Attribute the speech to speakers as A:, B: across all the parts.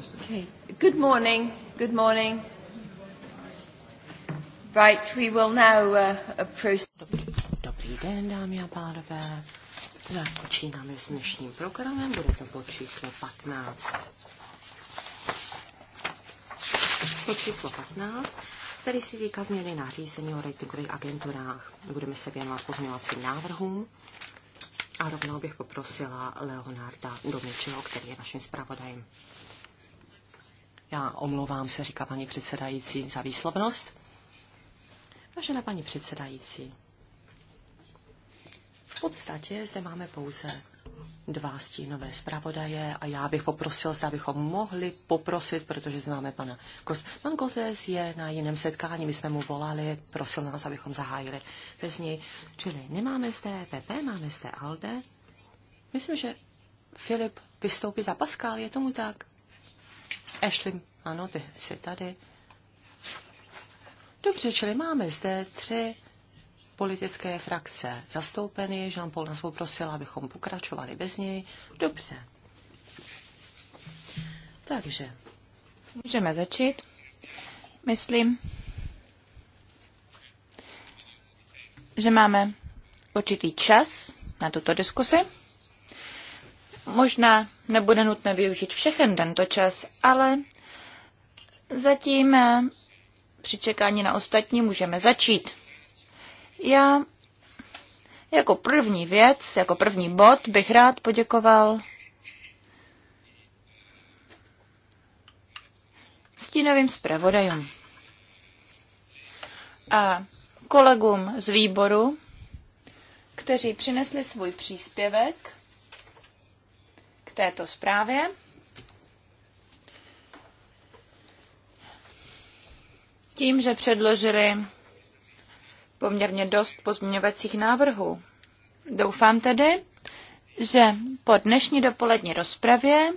A: Okay. Good morning. Good morning. Right, we will now uh, Dobrý, den, dámy a pánové.
B: Začínáme s dnešním programem, bude to po číslo 15. Po číslo 15, který se týká změny nařízení o rejtingových agenturách. Budeme se věnovat pozměňovacím návrhům. A rovnou bych poprosila Leonarda Domičeho, který je naším zpravodajem. Já omlouvám se, říká paní předsedající, za výslovnost. Vážená paní předsedající, v podstatě zde máme pouze dva stínové zpravodaje a já bych poprosil, zda bychom mohli poprosit, protože známe pana Kost. Pan Kozes je na jiném setkání, my jsme mu volali, prosil nás, abychom zahájili bez něj. Čili nemáme zde PP, máme zde Alde. Myslím, že Filip vystoupí za Pascal, je tomu tak? Ashley, ano, ty jsi tady. Dobře, čili máme zde tři politické frakce zastoupeny. Jean-Paul nás poprosil, abychom pokračovali bez něj. Dobře.
C: Takže. Můžeme začít. Myslím, že máme určitý čas na tuto diskusi. Možná nebude nutné využít všechen tento čas, ale zatím eh, při čekání na ostatní můžeme začít. Já jako první věc, jako první bod bych rád poděkoval stínovým zpravodajům a kolegům z výboru, kteří přinesli svůj příspěvek této zprávě. Tím, že předložili poměrně dost pozměňovacích návrhů. Doufám tedy, že po dnešní dopolední rozpravě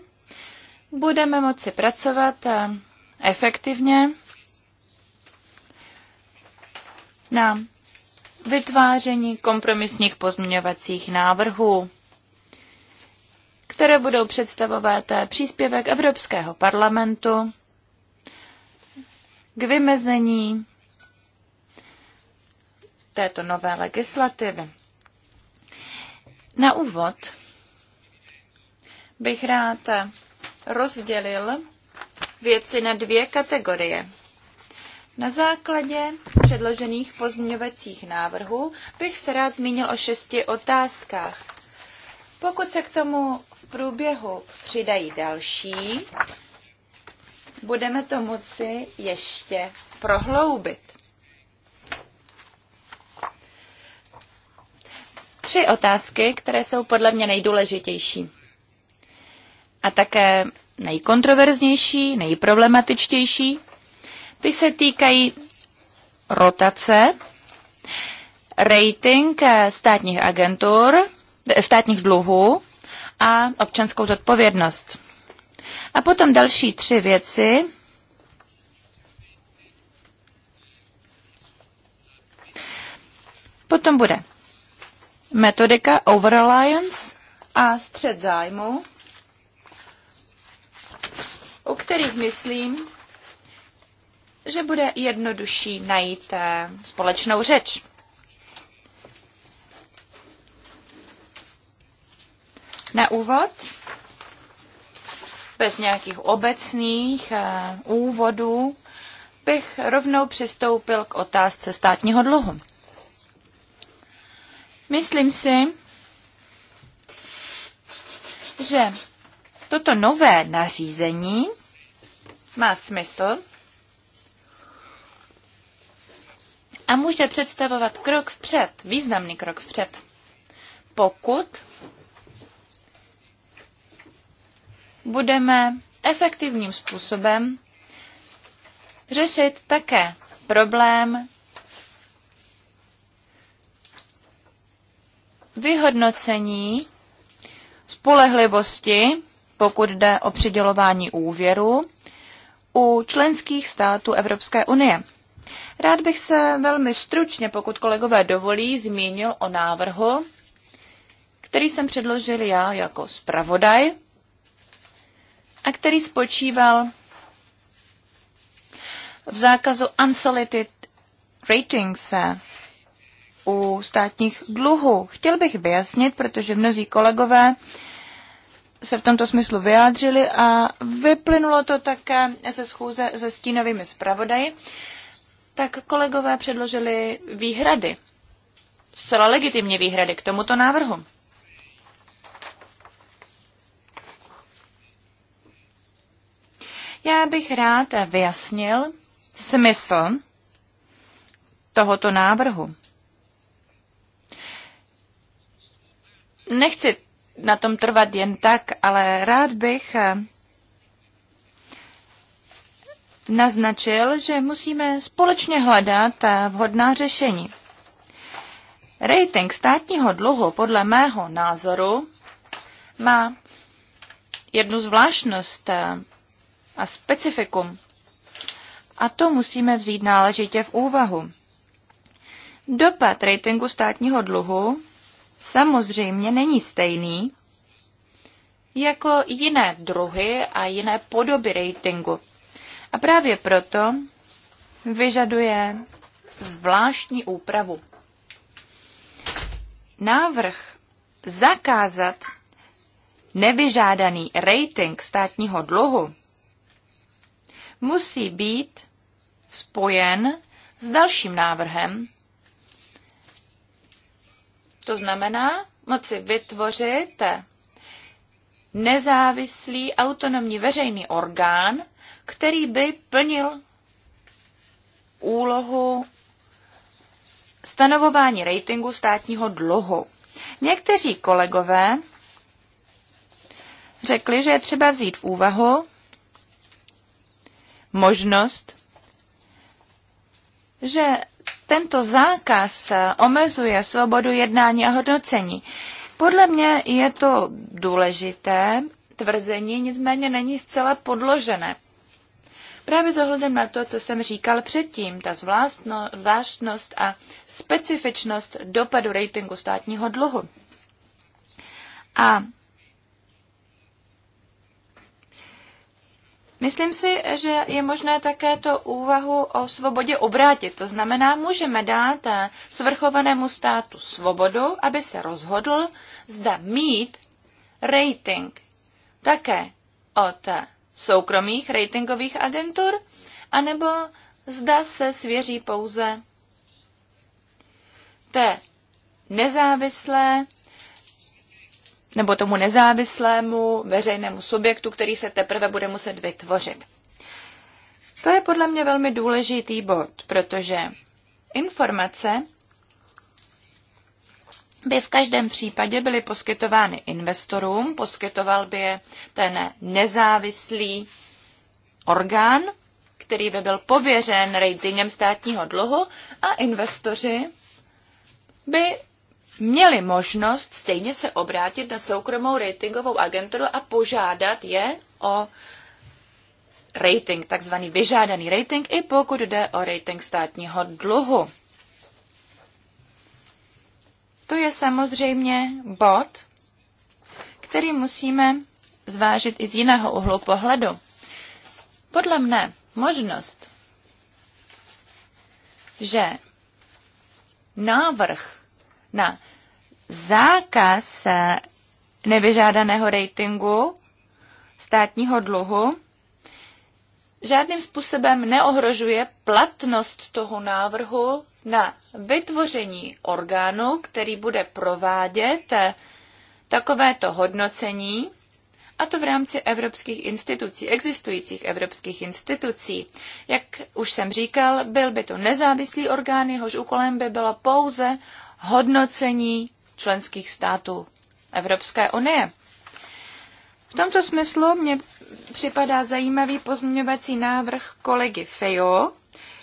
C: budeme moci pracovat eh, efektivně na vytváření kompromisních pozměňovacích návrhů které budou představovat eh, příspěvek Evropského parlamentu k vymezení této nové legislativy. Na úvod bych rád rozdělil věci na dvě kategorie. Na základě předložených pozměňovacích návrhů bych se rád zmínil o šesti otázkách. Pokud se k tomu v průběhu přidají další, budeme to moci ještě prohloubit. Tři otázky, které jsou podle mě nejdůležitější a také nejkontroverznější, nejproblematičtější, ty se týkají rotace, rating eh, státních agentur, státních dluhů a občanskou zodpovědnost. A potom další tři věci. Potom bude metodika overalliance a střed zájmu, u kterých myslím, že bude jednodušší najít eh, společnou řeč. Na úvod, bez nějakých obecných eh, úvodů, bych rovnou přistoupil k otázce státního dluhu. Myslím si, že toto nové nařízení má smysl a může představovat krok vpřed, významný krok vpřed, pokud budeme efektivním způsobem řešit také problém vyhodnocení spolehlivosti, pokud jde o přidělování úvěru, u členských států Evropské unie. Rád bych se velmi stručně, pokud kolegové dovolí, zmínil o návrhu, který jsem předložil já jako zpravodaj a který spočíval v zákazu unsolicited ratings u státních dluhů. Chtěl bych vyjasnit, protože mnozí kolegové se v tomto smyslu vyjádřili a vyplynulo to také ze schůze se stínovými zpravodaji, tak kolegové předložili výhrady, zcela legitimně výhrady k tomuto návrhu. Já bych rád vyjasnil smysl tohoto návrhu. Nechci na tom trvat jen tak, ale rád bych eh, naznačil, že musíme společně hledat eh, vhodná řešení. Rating státního dluhu podle mého názoru má jednu zvláštnost. Eh, a specifikum. A to musíme vzít náležitě v úvahu. Dopad ratingu státního dluhu samozřejmě není stejný jako jiné druhy a jiné podoby ratingu. A právě proto vyžaduje zvláštní úpravu. Návrh zakázat nevyžádaný rating státního dluhu musí být spojen s dalším návrhem. To znamená moci vytvořit nezávislý autonomní veřejný orgán, který by plnil úlohu stanovování ratingu státního dluhu. Někteří kolegové řekli, že je třeba vzít v úvahu možnost, že tento zákaz omezuje svobodu jednání a hodnocení. Podle mě je to důležité tvrzení, nicméně není zcela podložené. Právě s ohledem na to, co jsem říkal předtím, ta zvláštnost a specifičnost dopadu ratingu státního dluhu. A Myslím si, že je možné také to úvahu o svobodě obrátit. To znamená, můžeme dát eh, svrchovanému státu svobodu, aby se rozhodl, zda mít rating také od eh, soukromých ratingových agentur, anebo zda se svěří pouze té nezávislé nebo tomu nezávislému veřejnému subjektu, který se teprve bude muset vytvořit. To je podle mě velmi důležitý bod, protože informace by v každém případě byly poskytovány investorům, poskytoval by je ten nezávislý orgán, který by byl pověřen ratingem státního dluhu a investoři by měli možnost stejně se obrátit na soukromou ratingovou agenturu a požádat je o rating, takzvaný vyžádaný rating, i pokud jde o rating státního dluhu. To je samozřejmě bod, který musíme zvážit i z jiného uhlu pohledu. Podle mne možnost, že návrh na zákaz eh, nevyžádaného ratingu státního dluhu žádným způsobem neohrožuje platnost toho návrhu na vytvoření orgánu, který bude provádět eh, takovéto hodnocení, a to v rámci evropských institucí, existujících evropských institucí. Jak už jsem říkal, byl by to nezávislý orgán, jehož úkolem by byla pouze hodnocení členských států Evropské unie. V tomto smyslu mě připadá zajímavý pozměňovací návrh kolegy Fejo.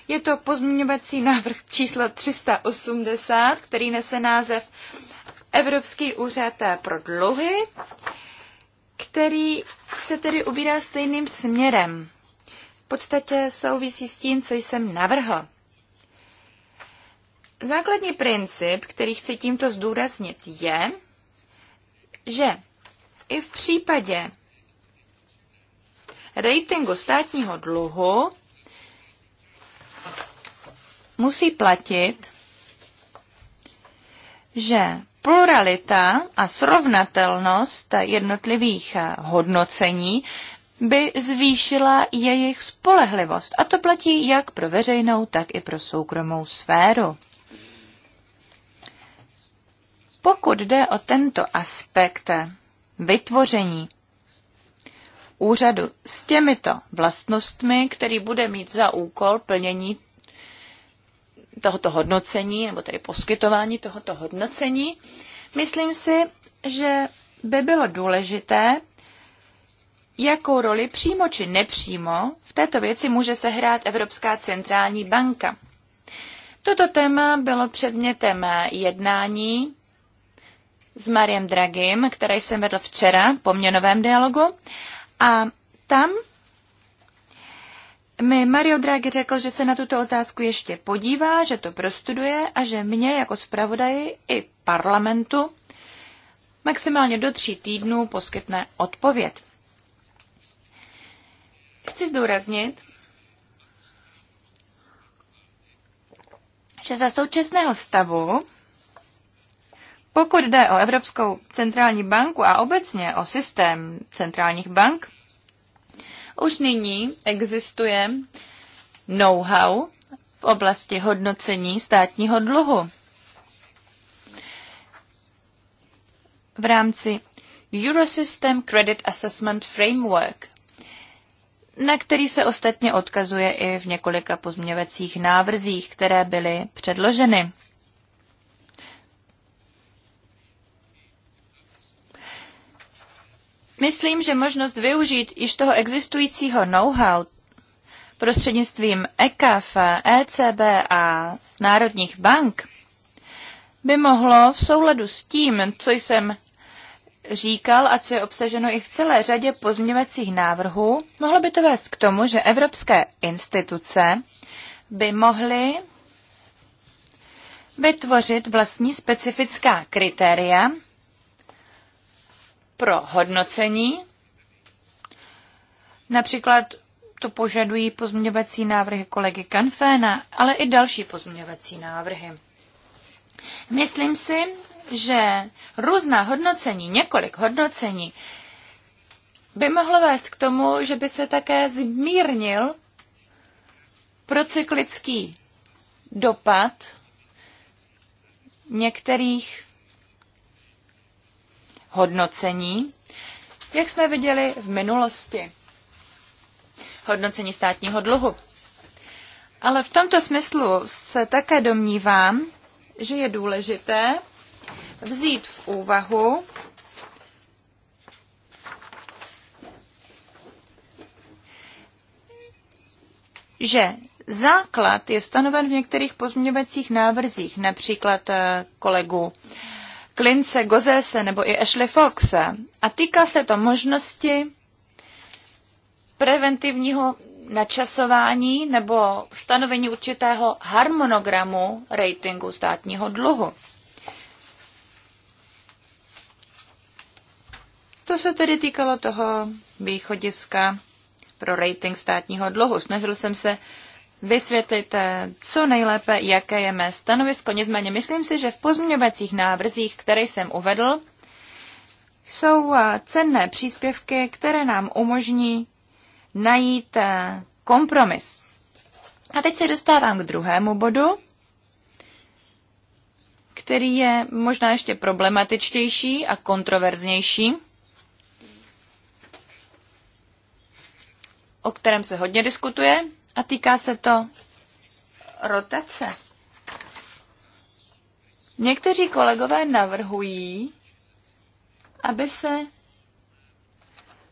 C: Je to pozměňovací návrh číslo 380, který nese název Evropský úřad pro dluhy, který se tedy ubírá stejným směrem. V podstatě souvisí s tím, co jsem navrhl. Základní princip, který chci tímto zdůraznit, je, že i v případě ratingu státního dluhu musí platit, že pluralita a srovnatelnost jednotlivých hodnocení by zvýšila jejich spolehlivost. A to platí jak pro veřejnou, tak i pro soukromou sféru. Pokud jde o tento aspekt vytvoření úřadu s těmito vlastnostmi, který bude mít za úkol plnění tohoto hodnocení, nebo tedy poskytování tohoto hodnocení, myslím si, že by bylo důležité, jakou roli přímo či nepřímo v této věci může sehrát Evropská centrální banka. Toto téma bylo předmětem jednání s Mariem Dragim, který jsem vedl včera po měnovém dialogu. A tam mi Mario Draghi řekl, že se na tuto otázku ještě podívá, že to prostuduje a že mě jako zpravodaji i parlamentu maximálně do tří týdnů poskytne odpověď. Chci zdůraznit, že za současného stavu pokud jde o Evropskou centrální banku a obecně o systém centrálních bank, už nyní existuje know-how v oblasti hodnocení státního dluhu. V rámci Eurosystem Credit Assessment Framework, na který se ostatně odkazuje i v několika pozměvacích návrzích, které byly předloženy. Myslím, že možnost využít již toho existujícího know-how prostřednictvím EKF, ECB a národních bank by mohlo v souladu s tím, co jsem říkal a co je obsaženo i v celé řadě pozměňovacích návrhů, mohlo by to vést k tomu, že evropské instituce by mohly vytvořit vlastní specifická kritéria pro hodnocení. Například to požadují pozměňovací návrhy kolegy Kanféna, ale i další pozměňovací návrhy. Myslím si, že různá hodnocení, několik hodnocení, by mohlo vést k tomu, že by se také zmírnil procyklický dopad některých hodnocení, jak jsme viděli v minulosti. Hodnocení státního dluhu. Ale v tomto smyslu se také domnívám, že je důležité vzít v úvahu že základ je stanoven v některých pozměňovacích návrzích, například eh, kolegu Klince, Gozese nebo i Ashley Foxe. A týká se to možnosti preventivního načasování nebo stanovení určitého harmonogramu ratingu státního dluhu. To se tedy týkalo toho východiska pro rating státního dluhu. Snažil jsem se vysvětlit co nejlépe, jaké je mé stanovisko. Nicméně myslím si, že v pozměňovacích návrzích, které jsem uvedl, jsou eh, cenné příspěvky, které nám umožní najít eh, kompromis. A teď se dostávám k druhému bodu, který je možná ještě problematičtější a kontroverznější, o kterém se hodně diskutuje, a týká se to rotace. Někteří kolegové navrhují, aby se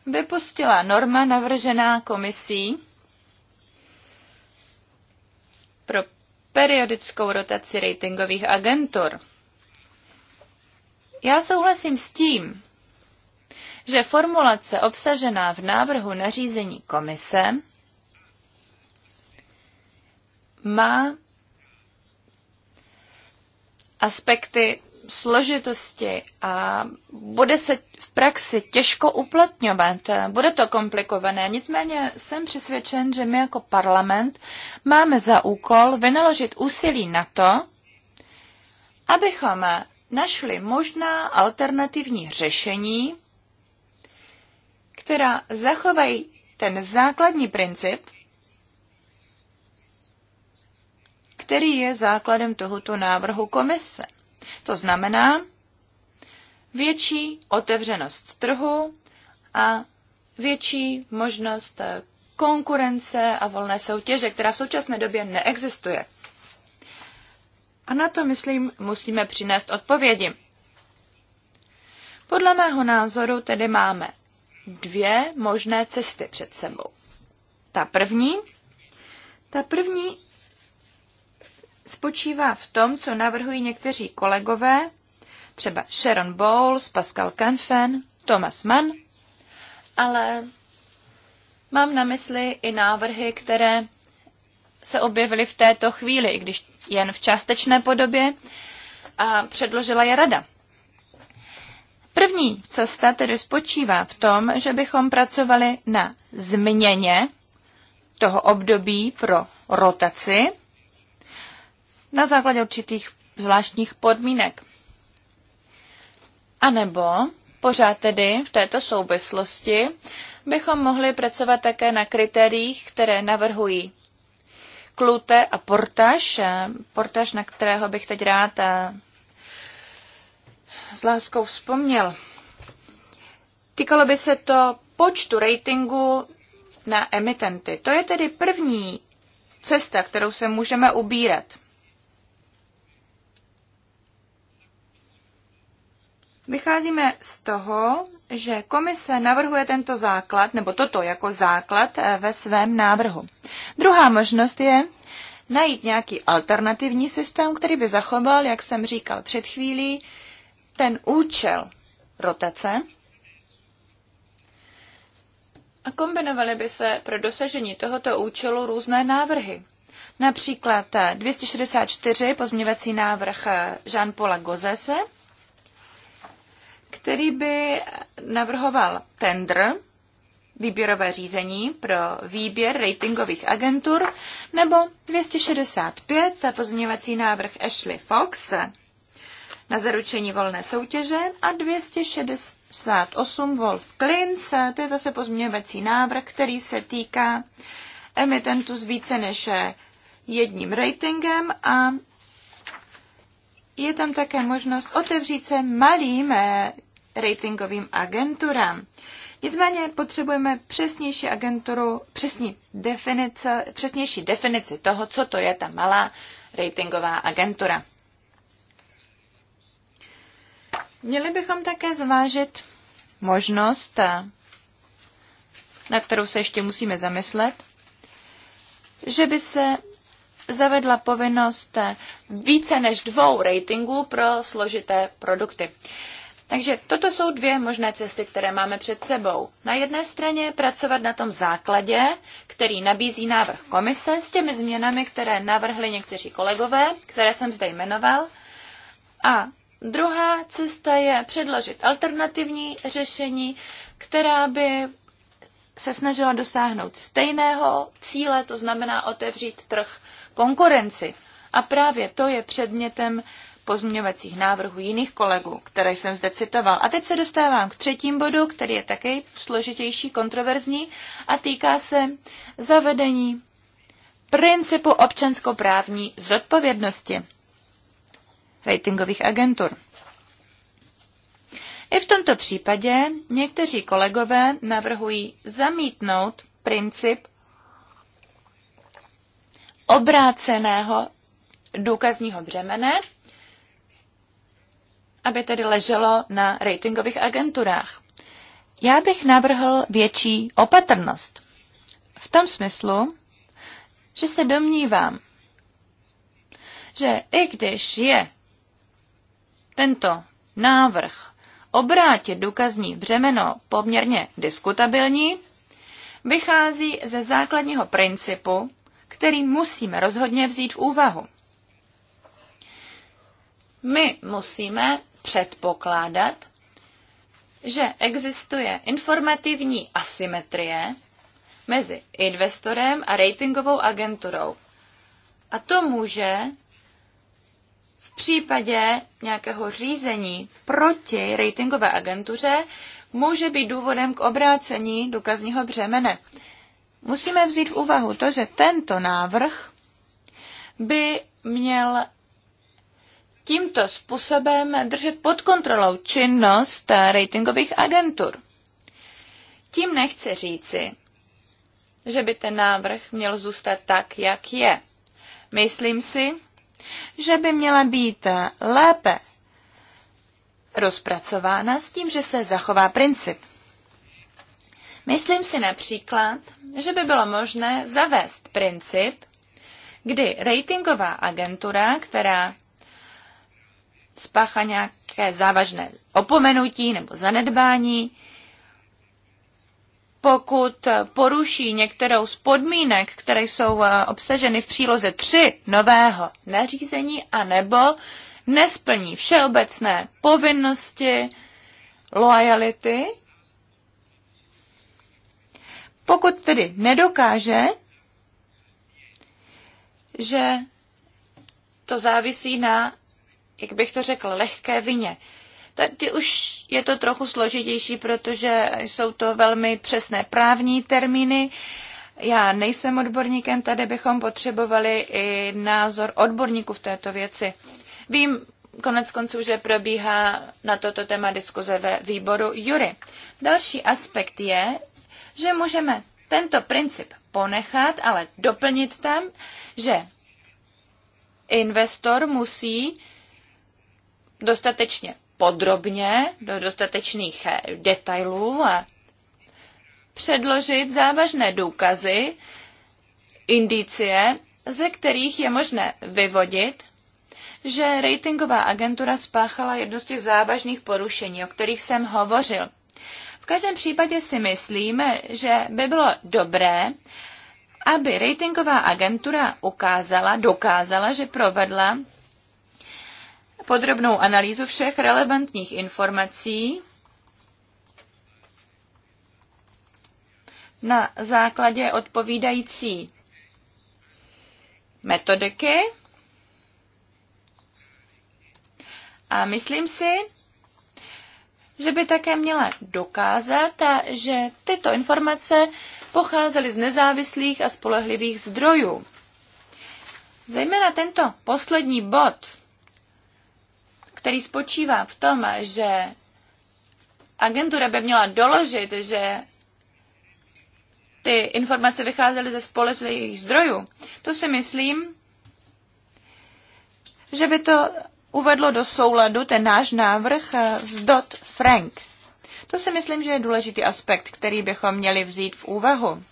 C: vypustila norma navržená komisí pro periodickou rotaci ratingových agentur. Já souhlasím s tím, že formulace obsažená v návrhu nařízení komise má aspekty složitosti a bude se v praxi těžko uplatňovat, bude to komplikované. Nicméně jsem přesvědčen, že my jako parlament máme za úkol vynaložit úsilí na to, abychom našli možná alternativní řešení, která zachovají ten základní princip, který je základem tohoto návrhu komise. To znamená větší otevřenost trhu a větší možnost eh, konkurence a volné soutěže, která v současné době neexistuje. A na to, myslím, musíme přinést odpovědi. Podle mého názoru tedy máme dvě možné cesty před sebou. Ta první, ta první spočívá v tom, co navrhují někteří kolegové, třeba Sharon Bowles, Pascal Canfen, Thomas Mann, ale mám na mysli i návrhy, které se objevily v této chvíli, i když jen v částečné podobě, a předložila je rada. První cesta tedy spočívá v tom, že bychom pracovali na změně toho období pro rotaci na základě určitých zvláštních podmínek. A nebo pořád tedy v této souvislosti bychom mohli pracovat také na kritériích, které navrhují Klute a Portaž. Eh, Portaž, na kterého bych teď rád eh, s láskou vzpomněl. Týkalo by se to počtu ratingu na emitenty. To je tedy první cesta, kterou se můžeme ubírat. Vycházíme z toho, že komise navrhuje tento základ, nebo toto jako základ eh, ve svém návrhu. Druhá možnost je najít nějaký alternativní systém, který by zachoval, jak jsem říkal před chvílí, ten účel rotace a kombinovaly by se pro dosažení tohoto účelu různé návrhy. Například eh, 264 pozměňovací návrh eh, Jean-Paula Gozese, který by navrhoval tender, výběrové řízení pro výběr ratingových agentur, nebo 265 pozměňovací návrh Ashley Fox na zaručení volné soutěže a 268 Wolf Klintz, to je zase pozměňovací návrh, který se týká emitentu s více než jedním ratingem a je tam také možnost otevřít se malým eh, ratingovým agenturám. Nicméně potřebujeme přesnější agenturu, přesní definice, přesnější definici toho, co to je ta malá ratingová agentura. Měli bychom také zvážit možnost, na kterou se ještě musíme zamyslet, že by se zavedla povinnost více než dvou ratingů pro složité produkty. Takže toto jsou dvě možné cesty, které máme před sebou. Na jedné straně pracovat na tom základě, který nabízí návrh komise s těmi změnami, které navrhli někteří kolegové, které jsem zde jmenoval. A druhá cesta je předložit alternativní řešení, která by se snažila dosáhnout stejného cíle, to znamená otevřít trh konkurenci. A právě to je předmětem pozměňovacích návrhů jiných kolegů, které jsem zde citoval. A teď se dostávám k třetím bodu, který je taky složitější, kontroverzní a týká se zavedení principu občanskoprávní zodpovědnosti ratingových agentur. I v tomto případě někteří kolegové navrhují zamítnout princip obráceného důkazního břemene aby tedy leželo na ratingových agenturách. Já bych navrhl větší opatrnost. V tom smyslu, že se domnívám, že i když je tento návrh obrátit důkazní břemeno poměrně diskutabilní, vychází ze základního principu, který musíme rozhodně vzít v úvahu. My musíme předpokládat, že existuje informativní asymetrie mezi investorem a ratingovou agenturou. A to může v případě nějakého řízení proti ratingové agentuře může být důvodem k obrácení důkazního břemene. Musíme vzít v úvahu to, že tento návrh by měl tímto způsobem držet pod kontrolou činnost eh, ratingových agentur. Tím nechci říci, že by ten návrh měl zůstat tak, jak je. Myslím si, že by měla být eh, lépe rozpracována s tím, že se zachová princip. Myslím si například, že by bylo možné zavést princip, kdy ratingová agentura, která spáchá nějaké závažné opomenutí nebo zanedbání, pokud poruší některou z podmínek, které jsou eh, obsaženy v příloze 3 nového nařízení, anebo nesplní všeobecné povinnosti loajality, pokud tedy nedokáže, že to závisí na jak bych to řekl, lehké vině. Tady už je to trochu složitější, protože jsou to velmi přesné právní termíny. Já nejsem odborníkem, tady bychom potřebovali i názor odborníků v této věci. Vím konec konců, že probíhá na toto téma diskuze ve výboru Jury. Další aspekt je, že můžeme tento princip ponechat, ale doplnit tam, že investor musí dostatečně podrobně, do dostatečných eh, detailů a předložit závažné důkazy, indicie, ze kterých je možné vyvodit, že ratingová agentura spáchala jedno z těch závažných porušení, o kterých jsem hovořil. V každém případě si myslíme, že by bylo dobré, aby ratingová agentura ukázala, dokázala, že provedla podrobnou analýzu všech relevantních informací na základě odpovídající metodiky. A myslím si, že by také měla dokázat, že tyto informace pocházely z nezávislých a spolehlivých zdrojů. Zejména tento poslední bod který spočívá v tom, že agentura by měla doložit, že ty informace vycházely ze společných zdrojů, to si myslím, že by to uvedlo do souladu ten náš návrh z eh, Dot Frank. To si myslím, že je důležitý aspekt, který bychom měli vzít v úvahu.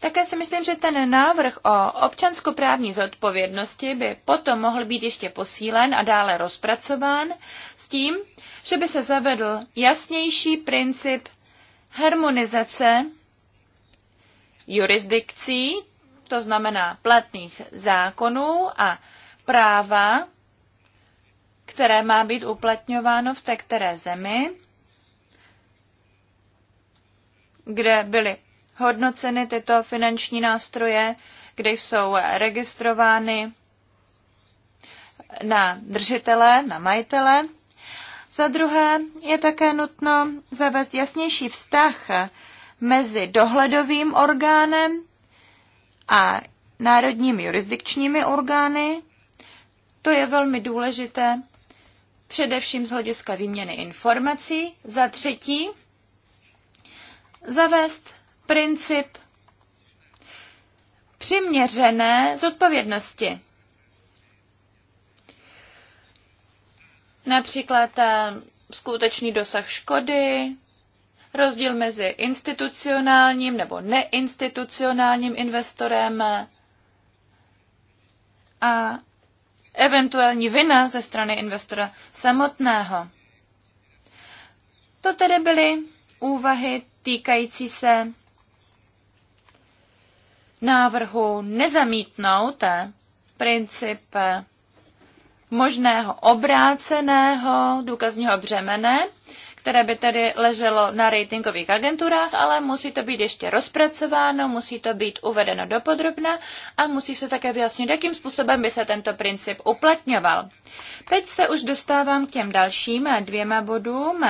C: Také si myslím, že ten návrh o občanskoprávní zodpovědnosti by potom mohl být ještě posílen a dále rozpracován s tím, že by se zavedl jasnější princip harmonizace jurisdikcí, to znamená platných zákonů a práva, které má být uplatňováno v té které zemi, kde byly hodnoceny tyto finanční nástroje, kde jsou registrovány na držitele, na majitele. Za druhé je také nutno zavést jasnější vztah mezi dohledovým orgánem a národními jurisdikčními orgány. To je velmi důležité, především z hlediska výměny informací. Za třetí, zavést princip přiměřené zodpovědnosti. Například eh, skutečný dosah škody, rozdíl mezi institucionálním nebo neinstitucionálním investorem eh, a eventuální vina ze strany investora samotného. To tedy byly úvahy týkající se návrhu nezamítnout princip možného obráceného důkazního břemene, které by tedy leželo na ratingových agenturách, ale musí to být ještě rozpracováno, musí to být uvedeno dopodrobna a musí se také vyjasnit, jakým způsobem by se tento princip uplatňoval. Teď se už dostávám k těm dalším dvěma bodům,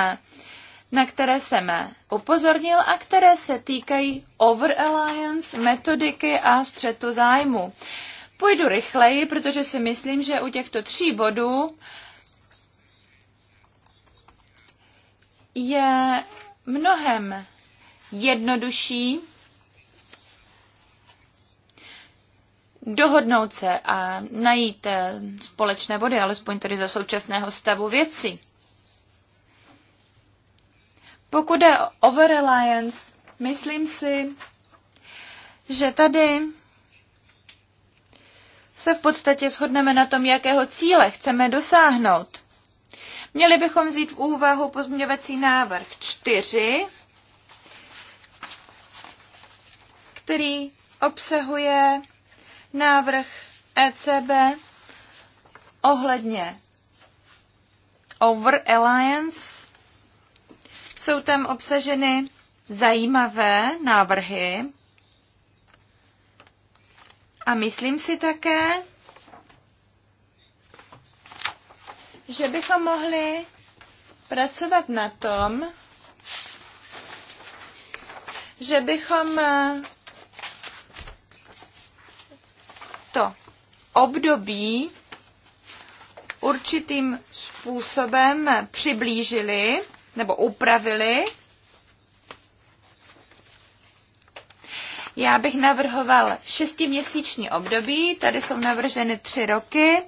C: na které jsem upozornil a které se týkají over alliance, metodiky a střetu zájmu. Půjdu rychleji, protože si myslím, že u těchto tří bodů je mnohem jednodušší dohodnout se a najít eh, společné body, alespoň tedy za současného stavu věcí. Pokud je over reliance, myslím si, že tady se v podstatě shodneme na tom, jakého cíle chceme dosáhnout. Měli bychom vzít v úvahu pozměňovací návrh 4, který obsahuje návrh ECB ohledně Over Alliance jsou tam obsaženy zajímavé návrhy a myslím si také, že bychom mohli pracovat na tom, že bychom eh, to období určitým způsobem přiblížili nebo upravili. Já bych navrhoval šestiměsíční období, tady jsou navrženy tři roky.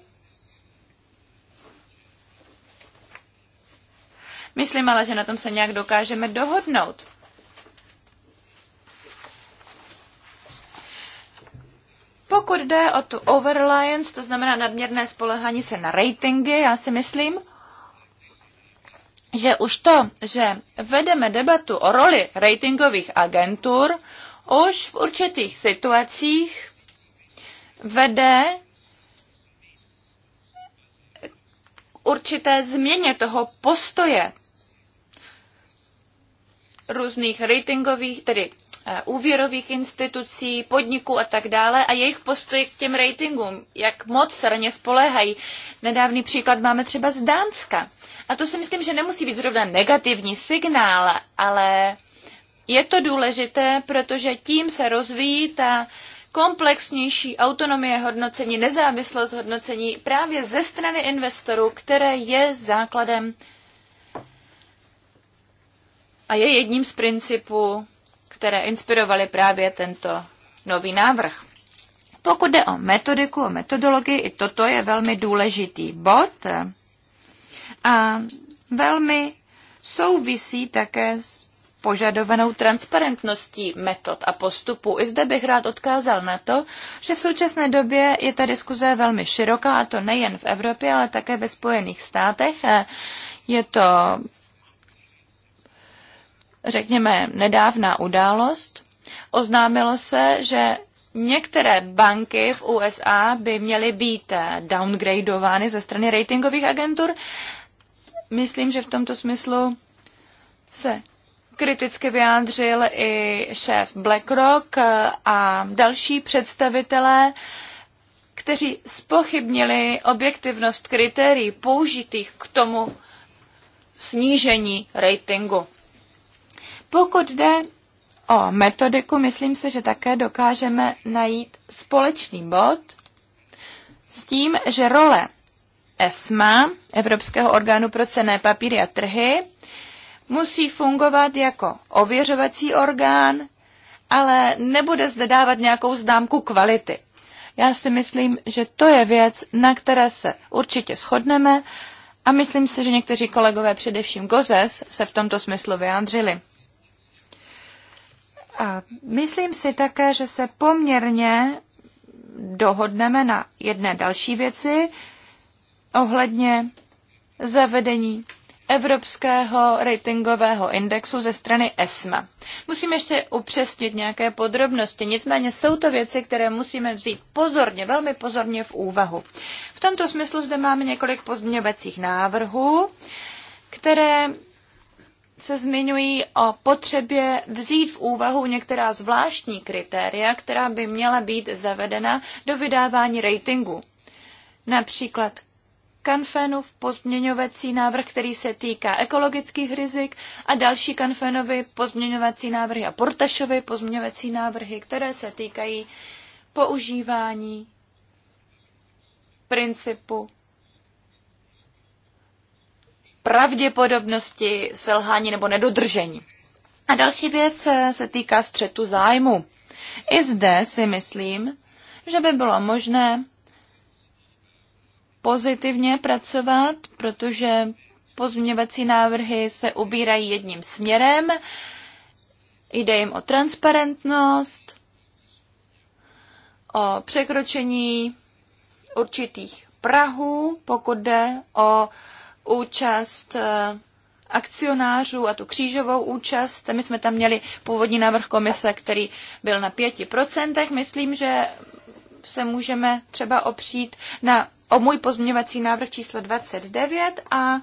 C: Myslím ale, že na tom se nějak dokážeme dohodnout. Pokud jde o tu overreliance, to znamená nadměrné spolehání se na ratingy, já si myslím, že už to, že vedeme debatu o roli ratingových agentur, už v určitých situacích vede určité změně toho postoje různých ratingových, tedy eh, úvěrových institucí, podniků a tak dále a jejich postoj k těm ratingům, jak moc se na ně spoléhají. Nedávný příklad máme třeba z Dánska. A to si myslím, že nemusí být zrovna negativní signál, ale je to důležité, protože tím se rozvíjí ta komplexnější autonomie hodnocení, nezávislost hodnocení právě ze strany investorů, které je základem a je jedním z principů, které inspirovaly právě tento nový návrh. Pokud jde o metodiku, o metodologii, i toto je velmi důležitý bod a velmi souvisí také s požadovanou transparentností metod a postupů. I zde bych rád odkázal na to, že v současné době je ta diskuze velmi široká, a to nejen v Evropě, ale také ve Spojených státech. Je to, řekněme, nedávná událost. Oznámilo se, že Některé banky v USA by měly být eh, downgradovány ze strany ratingových agentur myslím, že v tomto smyslu se kriticky vyjádřil i šéf BlackRock a další představitelé, kteří spochybnili objektivnost kritérií použitých k tomu snížení ratingu. Pokud jde o metodiku, myslím si, že také dokážeme najít společný bod s tím, že role ESMA, Evropského orgánu pro cené papíry a trhy, musí fungovat jako ověřovací orgán, ale nebude zde dávat nějakou známku kvality. Já si myslím, že to je věc, na které se určitě shodneme a myslím si, že někteří kolegové, především Gozes, se v tomto smyslu vyjádřili. A myslím si také, že se poměrně dohodneme na jedné další věci, ohledně zavedení Evropského ratingového indexu ze strany ESMA. Musím ještě upřesnit nějaké podrobnosti, nicméně jsou to věci, které musíme vzít pozorně, velmi pozorně v úvahu. V tomto smyslu zde máme několik pozměňovacích návrhů, které se zmiňují o potřebě vzít v úvahu některá zvláštní kritéria, která by měla být zavedena do vydávání ratingu. Například Kanfenův pozměňovací návrh, který se týká ekologických rizik a další Kanfenovy pozměňovací návrhy a Portašovy pozměňovací návrhy, které se týkají používání principu pravděpodobnosti selhání nebo nedodržení. A další věc eh, se týká střetu zájmu. I zde si myslím, že by bylo možné pozitivně pracovat, protože pozměňovací návrhy se ubírají jedním směrem, jde jim o transparentnost, o překročení určitých prahů, pokud jde o účast eh, akcionářů a tu křížovou účast. My jsme tam měli původní návrh komise, který byl na 5%. Myslím, že se můžeme třeba opřít na o můj pozměňovací návrh číslo 29 a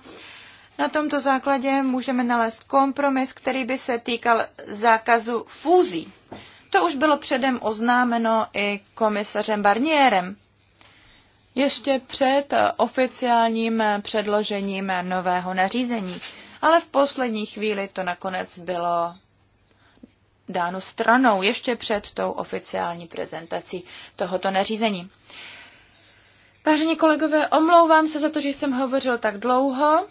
C: na tomto základě můžeme nalézt kompromis, který by se týkal zákazu fúzí. To už bylo předem oznámeno i komisařem Barnierem. Ještě před oficiálním předložením nového nařízení. Ale v poslední chvíli to nakonec bylo dáno stranou, ještě před tou oficiální prezentací tohoto nařízení. Vážení kolegové, omlouvám se za to, že jsem hovořil tak dlouho.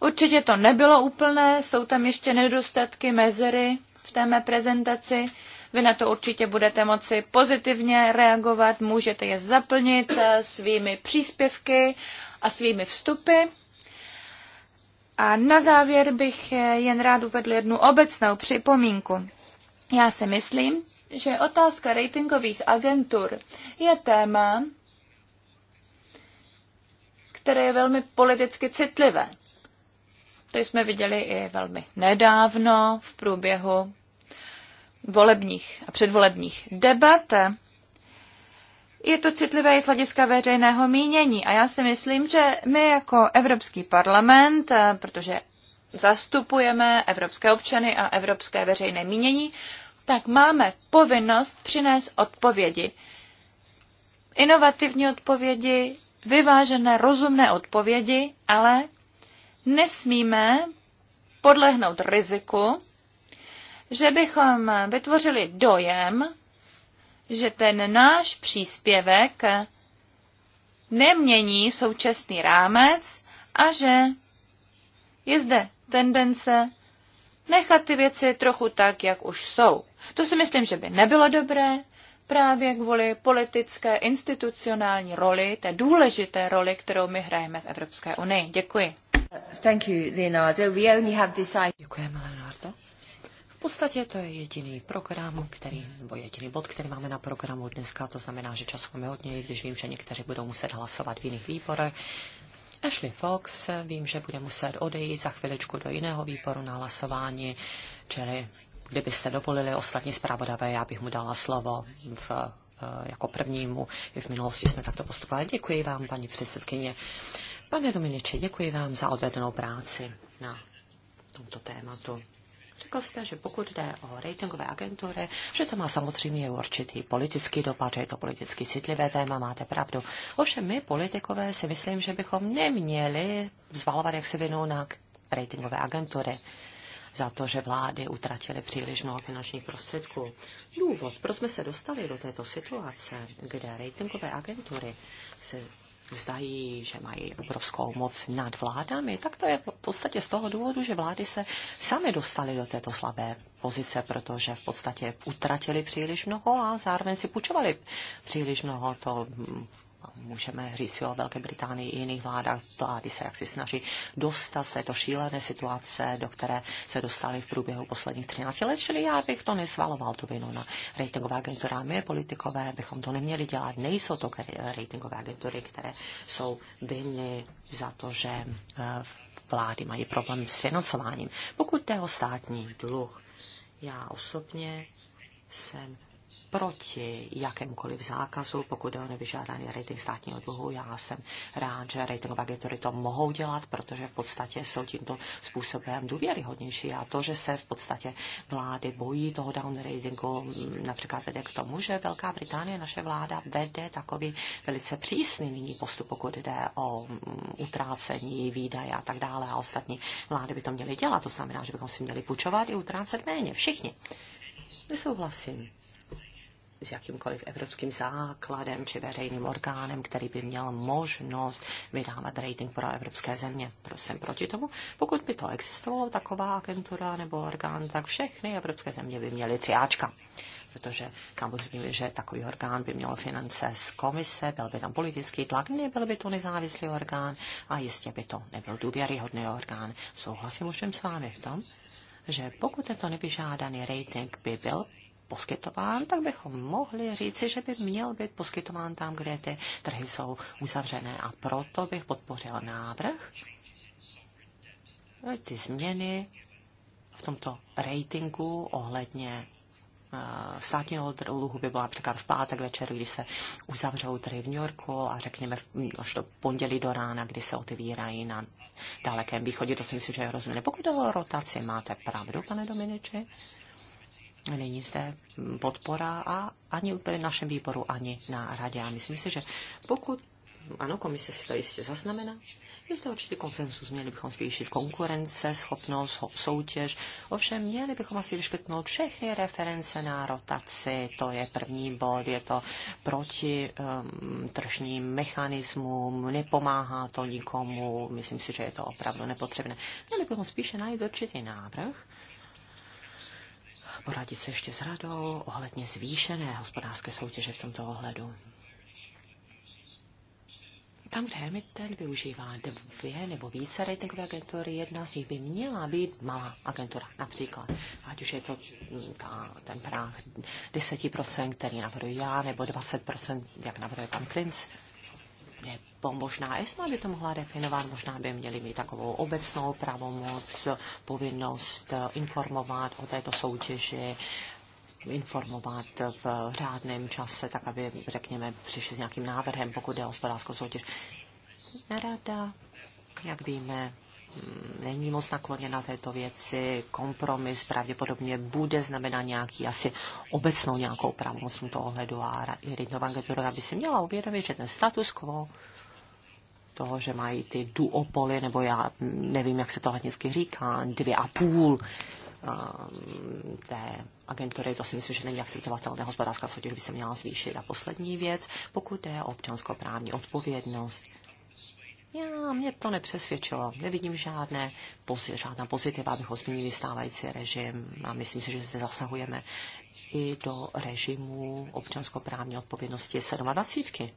C: Určitě to nebylo úplné, jsou tam ještě nedostatky, mezery v té mé prezentaci. Vy na to určitě budete moci pozitivně reagovat, můžete je zaplnit eh, svými příspěvky a svými vstupy. A na závěr bych eh, jen rád uvedl jednu obecnou připomínku. Já si myslím, že otázka ratingových agentur je téma, které je velmi politicky citlivé. To jsme viděli i velmi nedávno v průběhu volebních a předvolebních debat. Je to citlivé i z hlediska veřejného mínění a já si myslím, že my jako Evropský parlament, eh, protože zastupujeme evropské občany a evropské veřejné mínění, tak máme povinnost přinést odpovědi. Inovativní odpovědi, vyvážené, rozumné odpovědi, ale nesmíme podlehnout riziku, že bychom vytvořili dojem, že ten náš příspěvek nemění současný rámec a že je zde tendence nechat ty věci trochu tak, jak už jsou. To si myslím, že by nebylo dobré právě kvůli politické institucionální roli, té důležité roli, kterou my hrajeme v Evropské unii. Děkuji.
A: Thank you, Leonardo. We only have this... Děkujeme,
C: Leonardo.
B: V podstatě to je jediný program, který, nebo jediný bod, který máme na programu dneska. To znamená, že času máme hodně, když vím, že někteří budou muset hlasovat v jiných výborech. Ashley Fox, vím, že bude muset odejít za chviličku do jiného výboru na hlasování, čili kdybyste dovolili ostatní zpravodavé, já bych mu dala slovo v eh, jako prvnímu. I v minulosti jsme takto postupovali. Děkuji vám, paní předsedkyně. Pane Dominiče, děkuji vám za odvedenou práci na tomto tématu. Řekl jste, že pokud jde o ratingové agentury, že to má samozřejmě určitý politický dopad, že je to politicky citlivé téma, máte pravdu. Ovšem my, politikové, si myslím, že bychom neměli zvalovat, jak se vinou na ratingové agentury za to, že vlády utratily příliš mnoho finančních prostředků. Důvod, proč jsme se dostali do této situace, kde ratingové agentury se zdají, že mají obrovskou moc nad vládami, tak to je v podstatě z toho důvodu, že vlády se sami dostaly do této slabé pozice, protože v podstatě utratili příliš mnoho a zároveň si půjčovali příliš mnoho. To můžeme říct o Velké Británii i jiných vládách, vlády se jaksi snaží dostat z této šílené situace, do které se dostali v průběhu posledních 13 let, čili já bych to nesvaloval tu vinu na ratingové A My politikové bychom to neměli dělat, nejsou to ratingové agentury, které jsou vinny za to, že eh, vlády mají problém s financováním. Pokud jde o státní dluh, já osobně jsem proti jakémkoliv zákazu, pokud je o nevyžádaný rating státního dluhu. Já jsem rád, že ratingové agentury to mohou dělat, protože v podstatě jsou tímto způsobem důvěryhodnější. A to, že se v podstatě vlády bojí toho down ratingu, například vede k tomu, že Velká Británie, naše vláda, vede takový velice přísný nyní postup, pokud jde o mm, utrácení výdaje a tak dále. A ostatní vlády by to měly dělat. To znamená, že bychom si měli půjčovat i utrácet méně. Všichni. Nesouhlasím s jakýmkoliv evropským základem či veřejným orgánem, který by měl možnost vydávat rating pro evropské země. Prosím proti tomu. Pokud by to existovalo, taková agentura nebo orgán, tak všechny evropské země by měly třiáčka. Protože samozřejmě, že takový orgán by měl finance z komise, byl by tam politický tlak, nebyl by to nezávislý orgán a jistě by to nebyl důvěryhodný orgán. Souhlasím už s vámi v tom, že pokud tento nevyžádaný rating by byl poskytován, tak bychom mohli říci, že by měl být poskytován tam, kde ty trhy jsou uzavřené. A proto bych podpořil návrh, eh, ty změny v tomto ratingu ohledně eh, státního dluhu by byla například v pátek večer, kdy se uzavřou trhy v New Yorku a řekněme až do pondělí do rána, kdy se otevírají na dalekém východě. To si myslím, že je rozumné. Pokud o rotaci, máte pravdu, pane Dominiči není zde podpora a ani v našem výboru, ani na radě. A myslím si, že pokud, ano, komise si to jistě zaznamená, je zde určitý konsensus, měli bychom zvýšit konkurence, schopnost, soutěž, ovšem měli bychom asi vyškrtnout všechny reference na rotaci, to je první bod, je to proti um, tržním mechanismům, nepomáhá to nikomu, myslím si, že je to opravdu nepotřebné. Měli bychom spíše najít určitý návrh, poradit se ještě s radou ohledně zvýšené hospodářské soutěže v tomto ohledu. Tam, kde emiten využívá dvě nebo více ratingové agentury, jedna z nich by měla být malá agentura, například. Ať už je to mm, ta, ten práh 10%, který navrhuji já, nebo 20%, jak navrhuje pan Prince nebo možná ESMA by to mohla definovat, možná by měli mít takovou obecnou pravomoc, povinnost eh, informovat o této soutěži, informovat v řádném čase, tak aby, řekněme, přišli s nějakým návrhem, pokud je o hospodářskou soutěž. Narada, jak víme, není moc nakloněna této věci. Kompromis pravděpodobně bude znamenat nějaký asi obecnou nějakou pravomoc v tomto ohledu a Rydnova agentura by si měla uvědomit, že ten status quo toho, že mají ty duopoly, nebo já nevím, jak se to latinsky říká, dvě a půl um, té agentury, to si myslím, že není akceptovatelné. Hospodářská soutěž by se měla zvýšit. A poslední věc, pokud je o občanskoprávní odpovědnost, já mě to nepřesvědčilo. Nevidím žádné pozi, žádná pozitiva, abychom změnili stávající režim a myslím si, že zde zasahujeme i do režimu občanskoprávní odpovědnosti 27.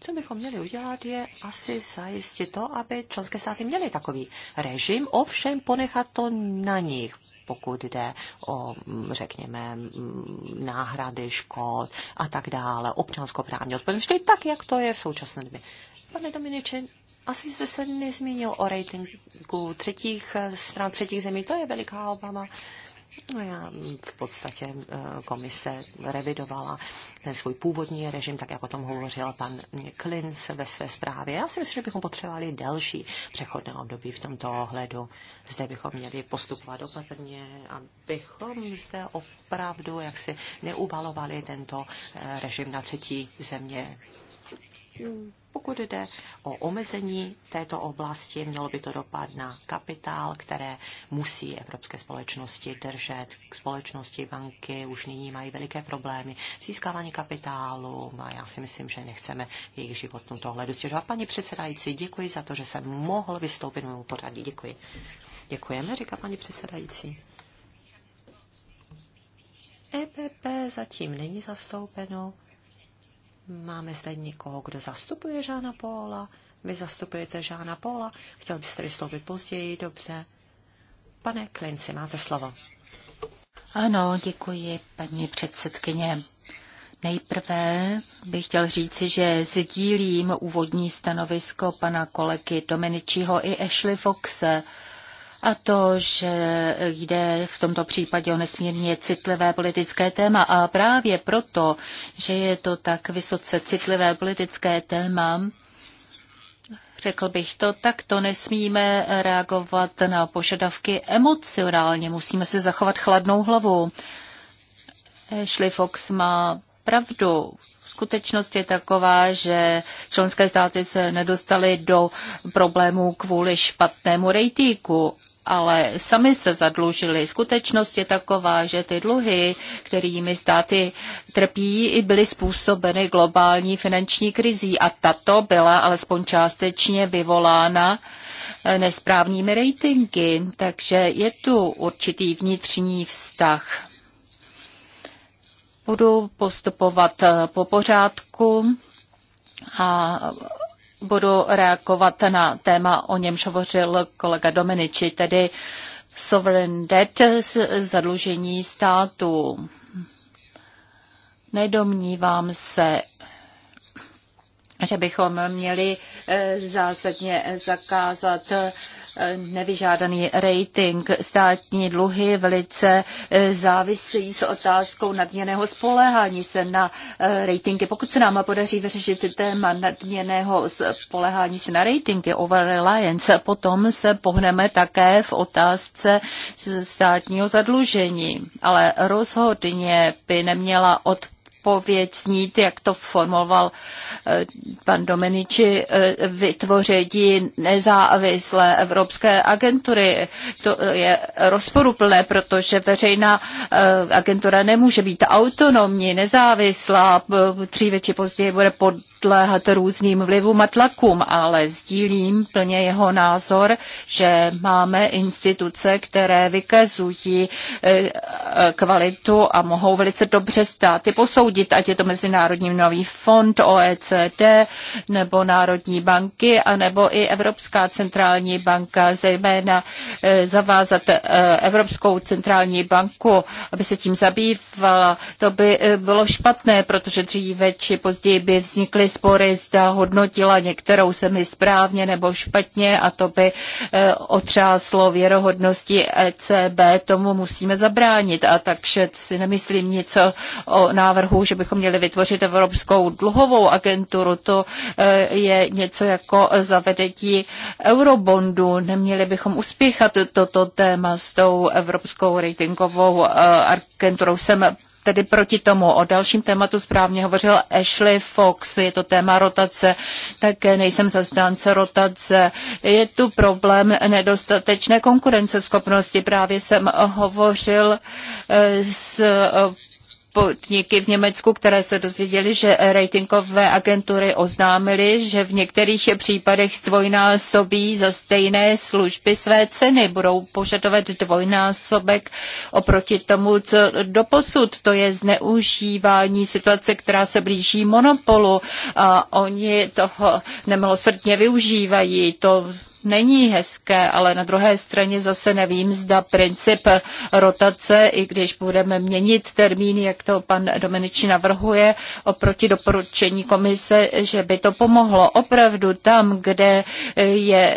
B: Co bychom měli udělat, je asi zajistit to, aby členské státy měly takový režim, ovšem ponechat to na nich pokud jde o, mm, řekněme, mm, náhrady škod a tak dále, občanskoprávní odpovědnost, vždy tak, jak to je v současné době. Pane Dominiče, asi jste se nezmínil o ratingu třetích eh, stran, třetích zemí, to je veliká obama. No já mm, v podstatě eh, komise revidovala ten svůj původní režim, tak jak o tom hovořil pan Klinc ve své zprávě. Já si myslím, že bychom potřebovali delší přechodné období v tomto ohledu. Zde bychom měli postupovat opatrně, abychom zde opravdu jaksi neubalovali tento eh, režim na třetí země pokud jde o omezení této oblasti, mělo by to dopad na kapitál, které musí evropské společnosti držet. Společnosti, banky už nyní mají veliké problémy v získávání kapitálu a já si myslím, že nechceme jejich život tohle dostěžovat. ohledu Paní předsedající, děkuji za to, že jsem mohl vystoupit mému pořadí. Děkuji. Děkujeme, říká paní předsedající. EPP zatím není zastoupeno. Máme zde někoho, kdo zastupuje Žána Póla. Vy zastupujete Žána Póla. Chtěl byste vystoupit později,
A: dobře. Pane Klinci, máte slovo. Ano, děkuji, paní předsedkyně. Nejprve bych chtěl říci, že sdílím úvodní stanovisko pana kolegy Domeničího i Ashley Foxe a to, že jde v tomto případě o nesmírně citlivé politické téma a právě proto, že je to tak vysoce citlivé politické téma, Řekl bych to tak, to nesmíme reagovat na požadavky emocionálně, musíme se zachovat chladnou hlavou. Ashley Fox má pravdu. Skutečnost je taková, že členské státy se nedostaly do problémů kvůli špatnému rejtíku, ale sami se zadlužili. Skutečnost je taková, že ty dluhy, kterými státy trpí, byly způsobeny globální finanční krizí a tato byla alespoň částečně vyvolána eh, nesprávnými ratingy, takže je tu určitý vnitřní vztah. Budu postupovat eh, po pořádku a budu reagovat na téma, o němž hovořil kolega Domeniči, tedy sovereign debt, zadlužení státu. Nedomnívám se, že bychom měli eh, zásadně zakázat nevyžádaný rating. Státní dluhy velice eh, závisí s otázkou nadměrného spoléhání se na eh, ratingy. Pokud se nám podaří vyřešit téma nadměrného spoléhání se na ratingy, over reliance, potom se pohneme také v otázce státního zadlužení. Ale rozhodně by neměla odpovědět odpověď znít, jak to formuloval eh, pan Domeniči, eh, vytvoření nezávislé Evropské agentury. To je rozporuplné, protože veřejná eh, agentura nemůže být autonomní, nezávislá, dříve či později bude podléhat různým vlivům a tlakům, ale sdílím plně jeho názor, že máme instituce, které vykazují kvalitu a mohou velice dobře státy posoudit soudit, ať je to Mezinárodní nový fond, OECD, nebo Národní banky, anebo i Evropská centrální banka, zejména eh, zavázat eh, Evropskou centrální banku, aby se tím zabývala. To by eh, bylo špatné, protože dříve či později by vznikly spory, zda hodnotila některou zemi správně nebo špatně a to by otřáslo věrohodnosti ECB. Tomu musíme zabránit a takže si nemyslím nic o návrhu že bychom měli vytvořit Evropskou dluhovou agenturu. To eh, je něco jako zavedení eurobondu. Neměli bychom uspěchat toto téma s tou Evropskou ratingovou eh, agenturou. Jsem tedy proti tomu. O dalším tématu správně hovořil Ashley Fox, je to téma rotace, také nejsem zastánce rotace. Je tu problém nedostatečné konkurenceschopnosti. Právě jsem hovořil eh, s podniky v Německu, které se dozvěděly, že ratingové agentury oznámily, že v některých případech zdvojnásobí za stejné služby své ceny. Budou požadovat dvojnásobek oproti tomu, co doposud. To je zneužívání situace, která se blíží monopolu a oni toho nemilosrdně využívají. To není hezké, ale na druhé straně zase nevím, zda princip rotace, i když budeme měnit termíny, jak to pan Domenič navrhuje, oproti doporučení komise, že by to pomohlo opravdu tam, kde eh, je,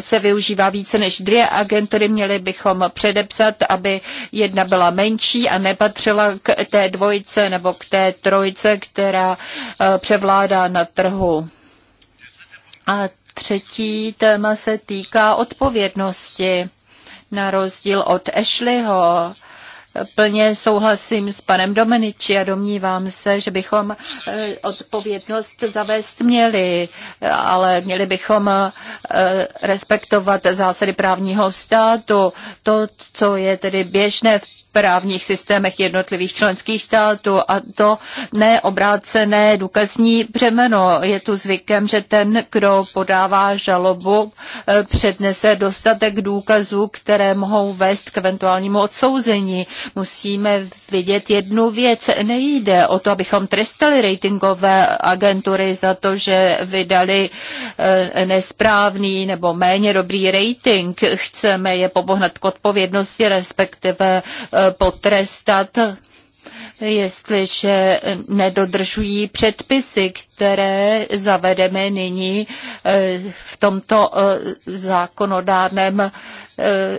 A: se využívá více než dvě agentury, měli bychom předepsat, aby jedna byla menší a nepatřila k té dvojce nebo k té trojce, která eh, převládá na trhu. A Třetí téma se týká odpovědnosti. Na rozdíl od Ashleyho, Plně souhlasím s panem Domeniči a domnívám se, že bychom eh, odpovědnost zavést měli, ale měli bychom eh, respektovat zásady právního státu. To, co je tedy běžné v právních systémech jednotlivých členských států a to neobrácené důkazní břemeno. Je tu zvykem, že ten, kdo podává žalobu, eh, přednese dostatek důkazů, které mohou vést k eventuálnímu odsouzení. Musíme vidět jednu věc. Nejde o to, abychom trestali ratingové agentury za to, že vydali eh, nesprávný nebo méně dobrý rating. Chceme je pobohnat k odpovědnosti, respektive eh, potrestat, jestliže nedodržují předpisy, které zavedeme nyní eh, v tomto eh, zákonodárném eh,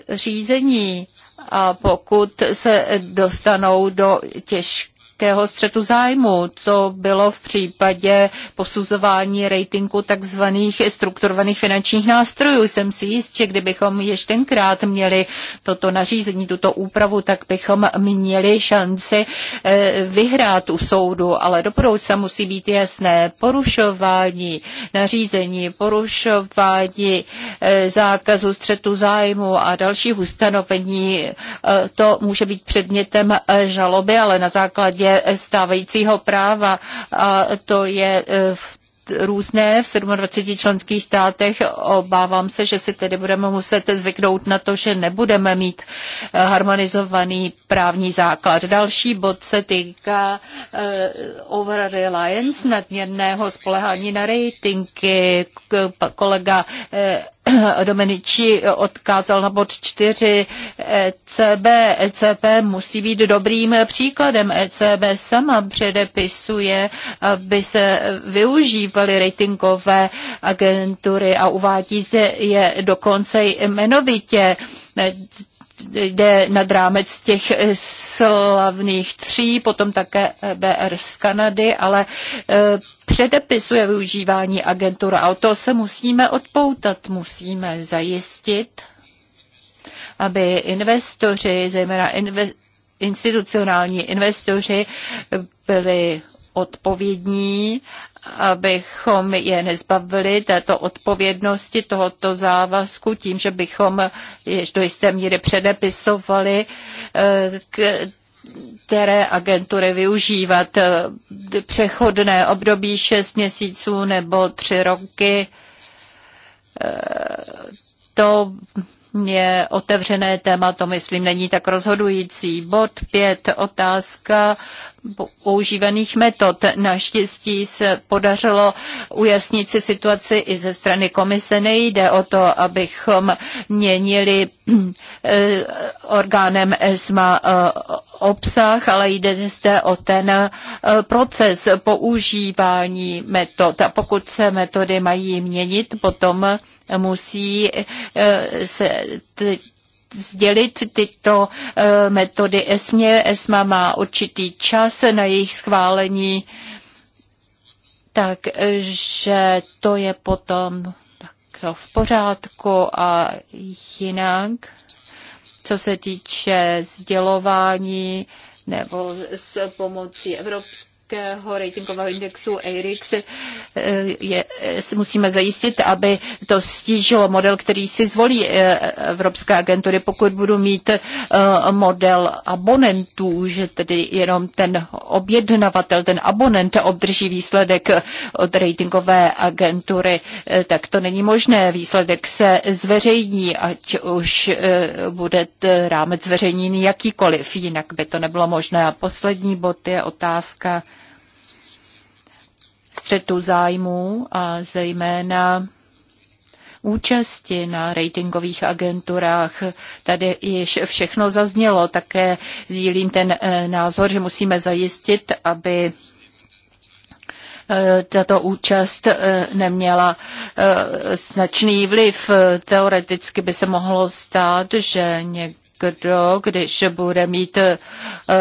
A: řízení. A pokud se dostanou do těžké nějakého střetu zájmu. To bylo v případě posuzování ratingu takzvaných strukturovaných finančních nástrojů. Jsem si jist, že kdybychom ještě tenkrát měli toto nařízení, tuto úpravu, tak bychom měli šanci eh, vyhrát u soudu, ale do budoucna musí být jasné porušování nařízení, porušování eh, zákazu střetu zájmu a dalších ustanovení. Eh, to může být předmětem žaloby, ale na základě základě stávajícího práva. A to je e, v různé v 27 členských státech. Obávám se, že si tedy budeme muset zvyknout na to, že nebudeme mít e, harmonizovaný právní základ. Další bod se týká uh, e, over reliance, nadměrného spolehání na ratingy. Kolega uh, Domeniči odkázal na bod 4 ECB. ECB musí být dobrým příkladem. ECB sama předepisuje, aby se využívaly ratingové agentury a uvádí zde je dokonce jmenovitě jde nad rámec těch eh, slavných tří, potom také e BR z Kanady, ale eh, předepisuje využívání agentur a o to se musíme odpoutat, musíme zajistit, aby investoři, zejména inve, institucionální investoři, byli odpovědní abychom je nezbavili této odpovědnosti, tohoto závazku, tím, že bychom do jisté míry předepisovali, eh, které agentury využívat. Přechodné období 6 měsíců nebo 3 roky, eh, to je otevřené téma, to myslím není tak rozhodující. Bod pět Otázka používaných metod. Naštěstí se podařilo ujasnit si situaci i ze strany komise. Nejde o to, abychom měnili eh, orgánem ESMA eh, obsah, ale jde zde o ten eh, proces používání metod. A pokud se metody mají měnit, potom musí eh, se sdělit tyto eh, metody ESMě. ESMA má určitý čas na jejich schválení, takže to je potom tak v pořádku a jinak co se týče sdělování nebo s pomocí Evropské amerického ratingového indexu Eirix eh, je, musíme zajistit, aby to stížilo model, který si zvolí eh, Evropské agentury, pokud budu mít eh, model abonentů, že tedy jenom ten objednavatel, ten abonent obdrží výsledek od ratingové agentury, tak to není možné. Výsledek se zveřejní, ať už bude rámec zveřejněný jakýkoliv, jinak by to nebylo možné. A poslední bod je otázka, střetu zájmů a zejména účasti na ratingových agenturách. Tady již všechno zaznělo. Také sdílím ten eh, názor, že musíme zajistit, aby eh, tato účast eh, neměla značný vliv. Teoreticky by se mohlo stát, že někdo kdo, když bude mít eh, eh,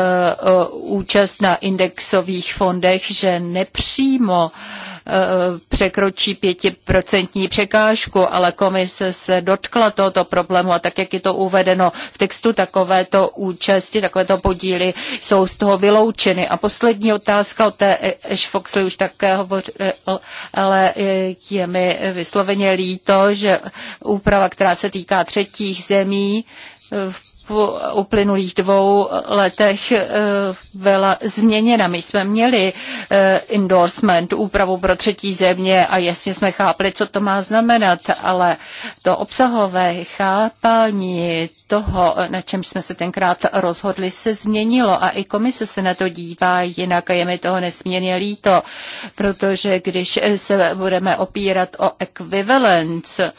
A: účast na indexových fondech, že nepřímo eh, překročí pětiprocentní překážku, ale komise se dotkla tohoto problému a tak, jak je to uvedeno v textu, takovéto účasti, takovéto podíly jsou z toho vyloučeny. A poslední otázka, o té Ash Foxley už také hovořil, ale je mi vysloveně líto, že úprava, která se týká třetích zemí, v v uplynulých dvou letech eh, byla změněna. My jsme měli eh, endorsement, úpravu pro třetí země a jasně jsme chápli, co to má znamenat, ale to obsahové chápání toho, na čem jsme se tenkrát rozhodli, se změnilo a i komise se na to dívá jinak a je mi toho nesmírně líto, protože když se budeme opírat o ekvivalence,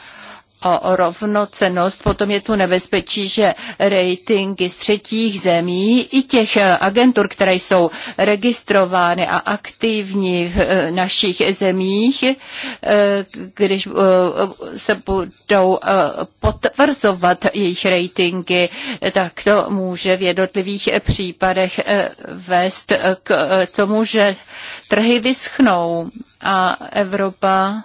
A: o rovnocenost, potom je tu nebezpečí, že ratingy z třetích zemí i těch eh, agentur, které jsou registrovány a aktivní v eh, našich zemích, eh, když se budou potvrzovat jejich ratingy, tak to může v jednotlivých případech vést k tomu, že trhy vyschnou a Evropa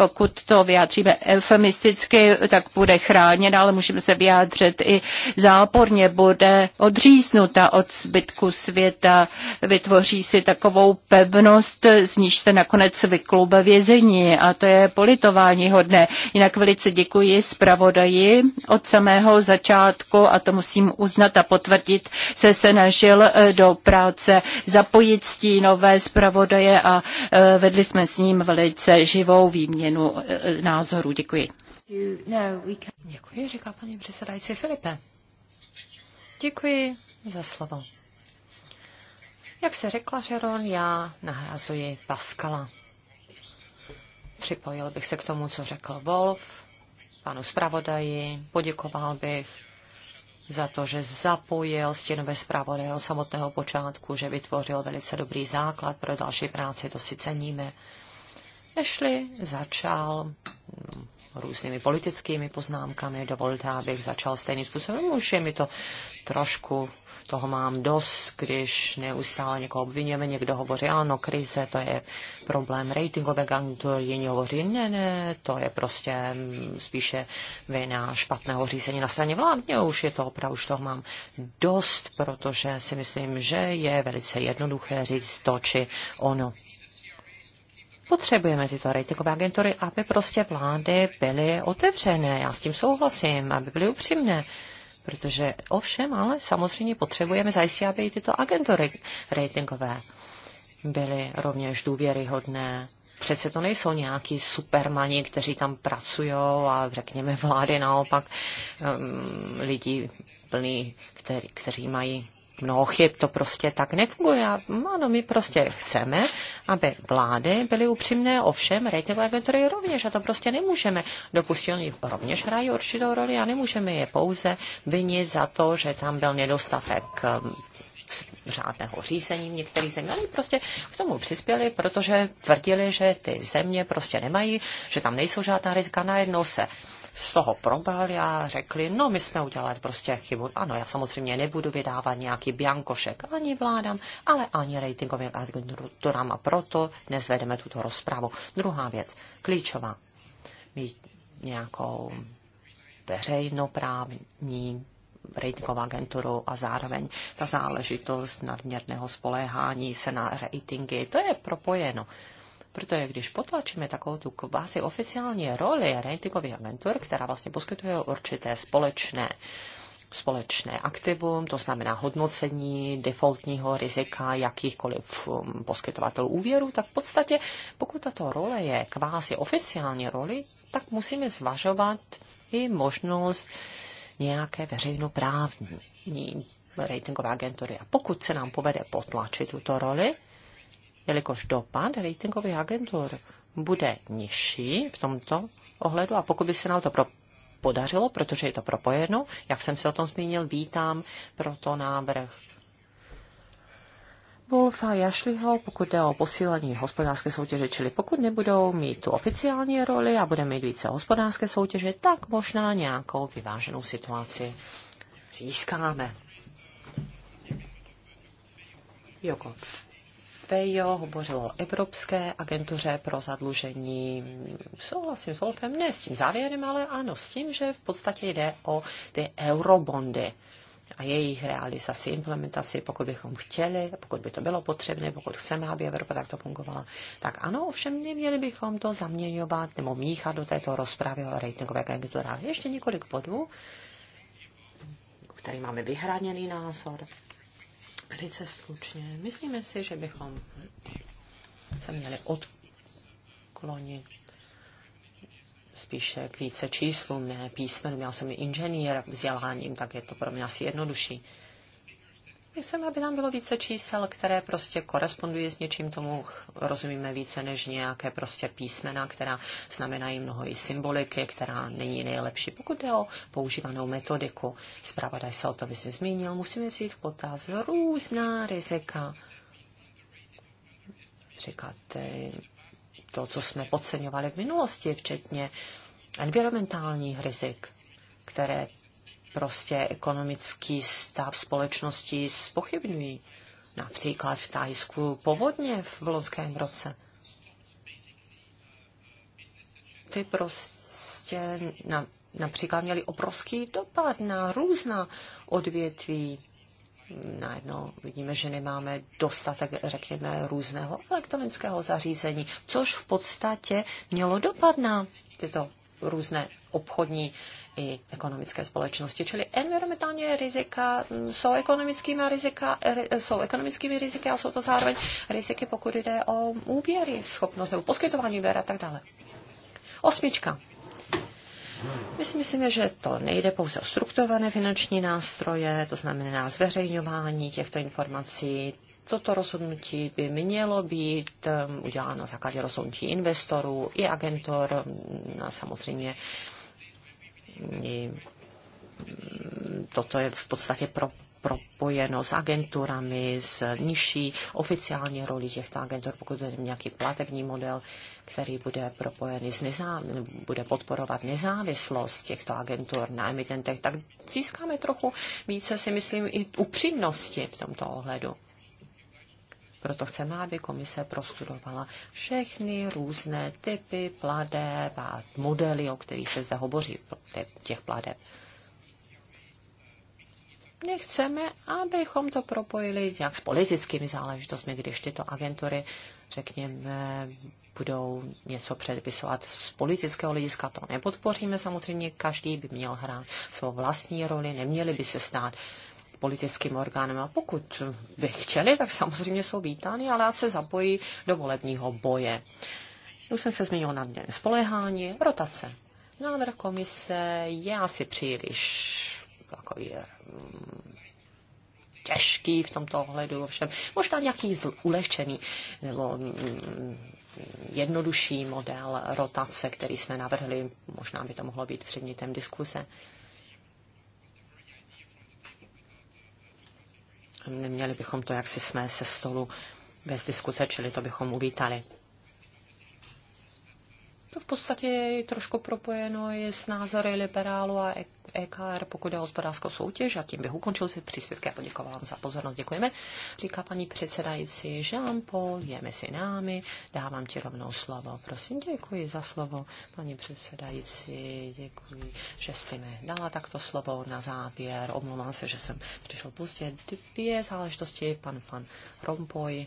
A: pokud to vyjádříme eufemisticky, tak bude chráněna, ale můžeme se vyjádřit i záporně, bude odříznuta od zbytku světa, vytvoří si takovou pevnost, z níž se nakonec vyklube vězení a to je politování hodné. Jinak velice děkuji zpravodaji od samého začátku a to musím uznat a potvrdit, se snažil eh, do práce zapojit stínové zpravodaje a eh, vedli jsme s ním velice živou výměnu změnu eh, názoru. Děkuji.
B: Děkuji, říká paní předsedající Filipe. Děkuji za slovo. Jak se řekla Žeron, já nahrazuji Paskala. Připojil bych se k tomu, co řekl Wolf, panu zpravodaji, poděkoval bych za to, že zapojil stěnové zpravodaje od samotného počátku, že vytvořil velice dobrý základ pro další práci, to si ceníme. Ashley začal mm, různými politickými poznámkami. Dovolte, abych začal stejným způsobem. Už je mi to trošku toho mám dost, když neustále někoho obviněme někdo hovoří, ano, krize, to je problém ratingové agentury, jiní hovoří, ne, ne, to je prostě mm, spíše vina špatného řízení na straně vlád. Mě už je to opravdu, už toho mám dost, protože si myslím, že je velice jednoduché říct to či ono. Potřebujeme tyto ratingové agentury, aby prostě vlády byly otevřené. Já s tím souhlasím, aby byly upřímné. Protože ovšem, ale samozřejmě potřebujeme zajistit, aby i tyto agentury ratingové byly rovněž důvěryhodné. Přece to nejsou nějaký supermani, kteří tam pracují a řekněme vlády naopak um, lidí plný, který, kteří mají mnoho chyb, to prostě tak nefunguje. No, ano, my prostě chceme, aby vlády byly upřímné, ovšem rating agentury rovněž, a to prostě nemůžeme dopustit. Oni rovněž hrají určitou roli a nemůžeme je pouze vinit za to, že tam byl nedostatek um, řádného řízení v některých zemích. Oni prostě k tomu přispěli, protože tvrdili, že ty země prostě nemají, že tam nejsou žádná rizika. Najednou se z toho probali a řekli, no my jsme udělali prostě chybu. Ano, já samozřejmě nebudu vydávat nějaký biankošek ani vládám, ale ani ratingovým agenturám a proto nezvedeme tuto rozpravu. Druhá věc, klíčová, mít nějakou veřejnoprávní ratingovou agenturu a zároveň ta záležitost nadměrného spoléhání se na ratingy, to je propojeno. Protože když potlačíme takovou tu kvasi oficiální roli ratingových agentur, která vlastně poskytuje určité společné společné aktivum, to znamená hodnocení defaultního rizika jakýchkoliv um, poskytovatelů úvěru, tak v podstatě, pokud tato role je kvázi oficiální roli, tak musíme zvažovat i možnost nějaké veřejnoprávní ratingové agentury. A pokud se nám povede potlačit tuto roli, jelikož dopad ratingových agentur bude nižší v tomto ohledu a pokud by se nám to pro podařilo, protože je to propojeno, jak jsem se o tom zmínil, vítám proto návrh Wolfa Jašliho, pokud jde o posílení hospodářské soutěže, čili pokud nebudou mít tu oficiální roli a bude mít více hospodářské soutěže, tak možná nějakou vyváženou situaci získáme. Jokov. Fejo hovořil o Evropské agentuře pro zadlužení. Souhlasím s Wolfem, ne s tím závěrem, ale ano, s tím, že v podstatě jde o ty eurobondy a jejich realizaci, implementaci, pokud bychom chtěli, pokud by to bylo potřebné, pokud chceme, aby Evropa takto fungovala, tak ano, ovšem neměli bychom to zaměňovat nebo míchat do této rozpravy o ratingové agentuře. Ještě několik bodů, který máme vyhraněný názor. Velice slučně. Myslíme si, že bychom se měli odklonit spíše k více číslům, ne písmenům. Já jsem inženýr vzděláním, tak je to pro mě asi jednodušší. My chceme, aby tam bylo více čísel, které prostě korespondují s něčím tomu, rozumíme více než nějaké prostě písmena, která znamenají mnoho i symboliky, která není nejlepší. Pokud jde o používanou metodiku, daj se o to by se zmínil, musíme vzít v potaz různá rizika. Říkat to, co jsme podceňovali v minulosti, včetně environmentálních rizik, které prostě ekonomický stav společnosti spochybňují. Například v Tajsku povodně v loňském roce. Ty prostě na, například měly obrovský dopad na různá odvětví. Najednou vidíme, že nemáme dostatek, řekněme, různého elektronického zařízení, což v podstatě mělo dopad na tyto různé obchodní i ekonomické společnosti. Čili environmentální rizika jsou ekonomickými, rizika, jsou ekonomickými riziky a jsou to zároveň riziky, pokud jde o úvěry, schopnost nebo poskytování úvěry a tak dále. Osmička. My si myslíme, že to nejde pouze o strukturované finanční nástroje, to znamená zveřejňování těchto informací, toto rozhodnutí by mělo být um, uděláno na základě rozhodnutí investorů i agentor, a samozřejmě Mm, toto je v podstatě pro propojeno s agenturami, s nižší oficiální roli těchto agentur, pokud je nějaký platební model, který bude propojený s nezá, bude podporovat nezávislost těchto agentur na emitentech, tak získáme trochu více, si myslím, i upřímnosti v tomto ohledu. Proto chceme, aby komise prostudovala všechny různé typy pladeb a modely, o kterých se zde hovoří, těch pladeb.
A: My chceme, abychom to
B: propojili nějak s politickými záležitostmi, když tyto agentury, řekněme, budou něco předpisovat z politického hlediska, to nepodpoříme samozřejmě, každý by měl hrát svou vlastní roli, neměli by se stát uh, politickým orgánem. A pokud by chtěli, tak samozřejmě jsou vítány, ale ať se zapojí do volebního boje. Už jsem se zmínil na den Spolehání, rotace. Návrh komise je asi příliš takový mm, těžký v tomto ohledu, ovšem možná nějaký ulehčený nebo mm, jednodušší model rotace, který jsme navrhli, možná by to mohlo být předmětem diskuse. Neměli bychom to jaksi smést se stolu bez diskuse, čili to bychom uvítali. To v podstatě je trošku propojeno je s názory liberálu a EKR, e pokud je o hospodářskou soutěž. A tím bych ukončil si příspěvky a poděkoval vám za pozornost. Děkujeme. Říká paní předsedající Jean-Paul, je mezi námi. Dávám ti rovnou slovo. Prosím, děkuji za slovo, paní předsedající. Děkuji, že jste mi dala takto slovo na závěr. Omlouvám se, že jsem přišel pozdě. Dvě záležitosti, pan pan Rompoy.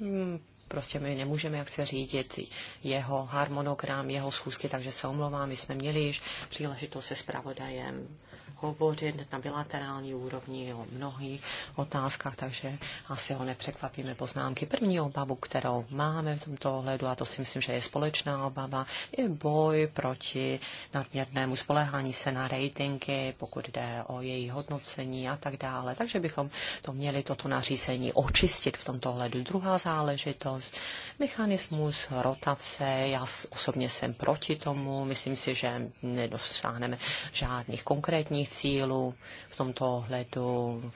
B: Hmm Prostě my nemůžeme jak se řídit jeho harmonogram, jeho schůzky, takže se omlouvám, my jsme měli již příležitost se zpravodajem hovořit na bilaterální úrovni o mnohých otázkách, takže asi ho nepřekvapíme poznámky. První obavu, kterou máme v tomto ohledu, a to si myslím, že je společná obava, je boj proti nadměrnému spolehání se na ratingy, pokud jde o její hodnocení a tak dále. Takže bychom to měli toto nařízení očistit v tomto ohledu. Druhá záležitost, mechanismus rotace. Já osobně jsem proti tomu. Myslím si, že nedosáhneme žádných konkrétních obchodních cílů v tomto ohledu,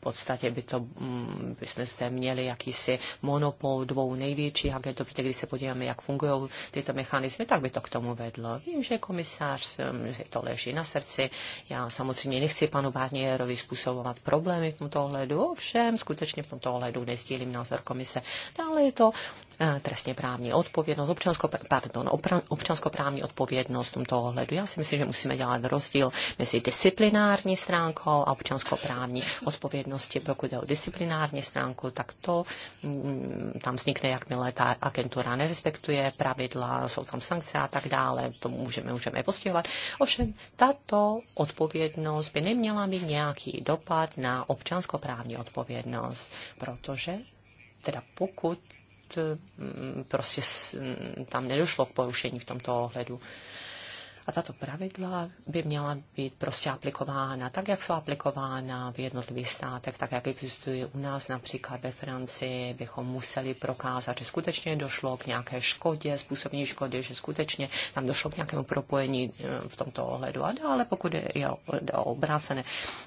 B: v podstatě by, to, mm, by jsme zde měli jakýsi monopol dvou největších agentů, protože když se podíváme, jak fungují tyto mechanismy, tak by to k tomu vedlo. Vím, že komisář mm, že to leží na srdci. Já samozřejmě nechci panu Barnierovi způsobovat problémy v tomto ohledu, ovšem skutečně v tomto ohledu nezdílím názor komise. Dále je to trestně právní odpovědnost, občansko, pardon, občanskoprávní odpovědnost v tomto ohledu. Já si myslím, že musíme dělat rozdíl mezi disciplinární stránkou a občanskoprávní odpovědnosti. Pokud jde o disciplinární stránku, tak to mm, tam vznikne, jakmile ta agentura nerespektuje pravidla, jsou tam sankce a tak dále, to můžeme, můžeme postihovat. Ovšem, tato odpovědnost by neměla mít nějaký dopad na občanskoprávní odpovědnost, protože teda pokud prostě tam nedošlo k porušení v tomto ohledu. A tato pravidla by měla být prostě aplikována tak, jak jsou aplikována v jednotlivých státech, tak, jak existuje u nás například ve Francii, bychom museli prokázat, že skutečně došlo k nějaké škodě, způsobení škody, že skutečně tam došlo k nějakému propojení eh, v tomto ohledu. A dále, pokud je o obrácené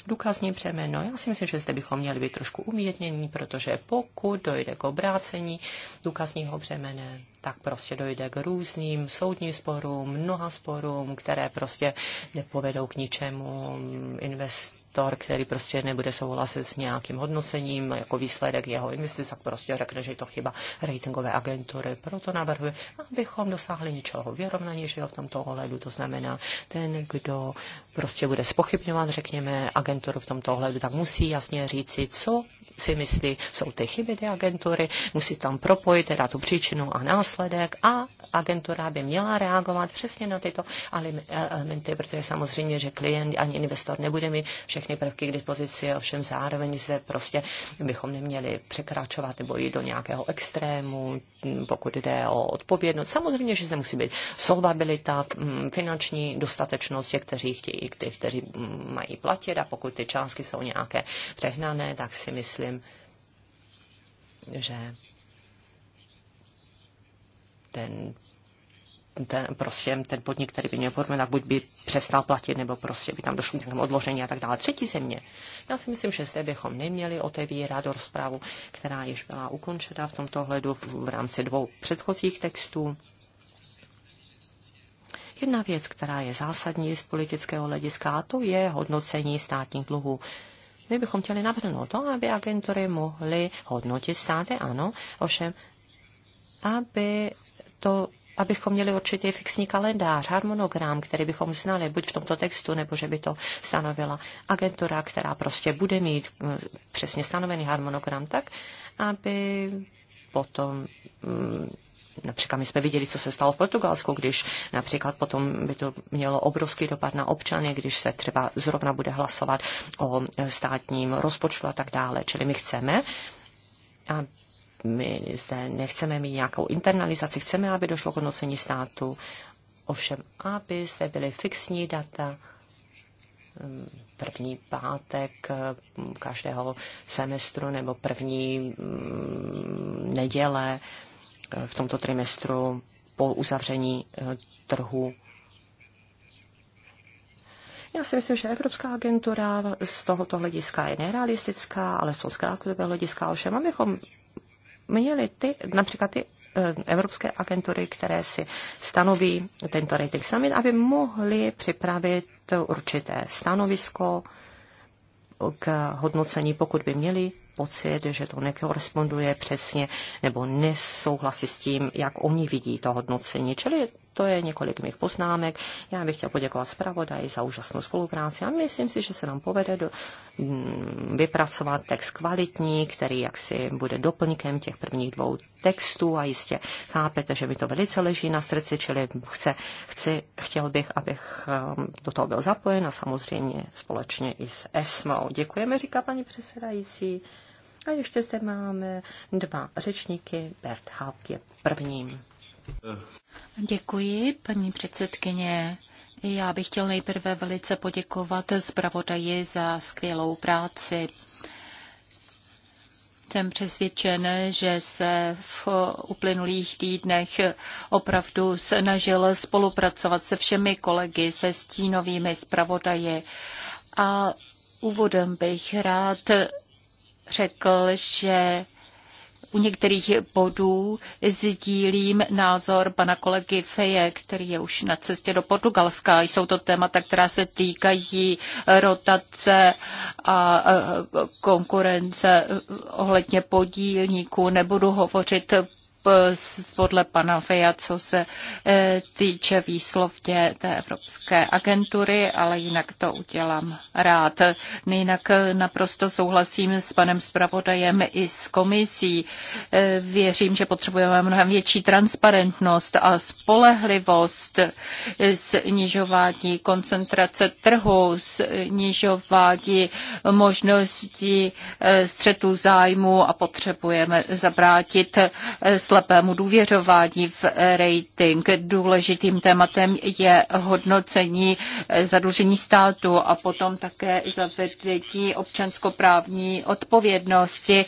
B: důkazní přeměno. já si myslím, že zde bychom měli být trošku umětnění, protože pokud dojde k obrácení důkazního břemene, tak prostě dojde k různým soudním sporům, mnoha sporům, které prostě nepovedou k ničemu. Investor, který prostě nebude souhlasit s nějakým hodnocením jako výsledek jeho investice, tak prostě řekne, že je to chyba ratingové agentury. Proto navrhuji, abychom dosáhli něčeho vyrovnanějšího v tomto ohledu. To znamená, ten, kdo prostě bude spochybňovat, řekněme, agenturu v tomto ohledu, tak musí jasně říci, co si myslí, jsou ty chyby ty agentury, musí tam propojit teda tu příčinu a následek a agentura by měla reagovat přesně na tyto eh, elementy, protože samozřejmě, že klient ani investor nebude mít všechny prvky k dispozici, ovšem zároveň zde prostě bychom neměli překračovat nebo jít do nějakého extrému, hm, pokud jde o odpovědnost. Samozřejmě, že zde musí být solvabilita, hm, finanční dostatečnost těch, kteří chtějí, těch, kteří hm, mají platit a pokud ty částky jsou nějaké přehnané, tak si myslím, že ten ten, prostě ten podnik, který by měl podmínit, tak buď by přestal platit, nebo prostě by tam došlo k nějakému odložení a tak dále. Třetí země. Já si myslím, že zde bychom neměli otevírat rozpravu, která již byla ukončena v tomto hledu v, v rámci dvou předchozích textů. Jedna věc, která je zásadní z politického hlediska, a to je hodnocení státních dluhů. My bychom chtěli navrhnout to, aby agentury mohly hodnotit státy, ano, ovšem aby to, abychom měli určitě fixní kalendář, harmonogram, který bychom znali buď v tomto textu, nebo že by to stanovila agentura, která prostě bude mít mm, přesně stanovený harmonogram, tak aby potom mm, Například my jsme viděli, co se stalo v Portugalsku, když například potom by to mělo obrovský dopad na občany, když se třeba zrovna bude hlasovat o státním rozpočtu a tak dále. Čili my chceme, my zde nechceme mít nějakou internalizaci, chceme, aby došlo k hodnocení státu, ovšem, aby zde byly fixní data, první pátek mm, každého semestru nebo první mm, neděle eh, v tomto trimestru po uzavření eh, trhu. Já si myslím, že Evropská agentura z tohoto hlediska je nerealistická, ale z toho z hlediska ovšem, abychom měli ty, například ty eh, evropské agentury, které si stanoví tento rating summit, aby mohli připravit určité stanovisko k hodnocení, pokud by měli pocit, že to nekoresponduje přesně nebo nesouhlasí s tím, jak oni vidí to hodnocení. Čili to je několik mých poznámek. Já bych chtěl poděkovat zpravodaji za úžasnou spolupráci a myslím si, že se nám povede do, mm, vypracovat text kvalitní, který jaksi bude doplňkem těch prvních dvou textů a jistě chápete, že mi to velice leží na srdci, čili chce, chci, chtěl bych, abych ehm, do toho byl zapojen a samozřejmě společně i s ESMO. Děkujeme, říká paní předsedající. A ještě zde máme dva řečníky. Bert Haup je prvním.
A: Děkuji, paní předsedkyně. Já bych chtěl nejprve velice poděkovat zpravodaji za skvělou práci. Jsem přesvědčen, že se v uplynulých týdnech opravdu snažil spolupracovat se všemi kolegy, se stínovými zpravodaji. A úvodem bych rád řekl, že u některých bodů sdílím názor pana kolegy Feje, který je už na cestě do Portugalska. Jsou to témata, která se týkají rotace a e, konkurence ohledně podílníků. Nebudu hovořit Eh, podle pana Feja, co se eh, týče výslovně té Evropské agentury, ale jinak to udělám rád. Jinak eh, naprosto souhlasím s panem zpravodajem i s komisí. Věřím, že potřebujeme mnohem větší transparentnost a spolehlivost, snižování koncentrace trhu, snižování možností střetu zájmu a potřebujeme zabrátit slepému důvěřování v rating. Důležitým tématem je hodnocení zadlužení státu a potom také zavedení občanskoprávní odpovědnosti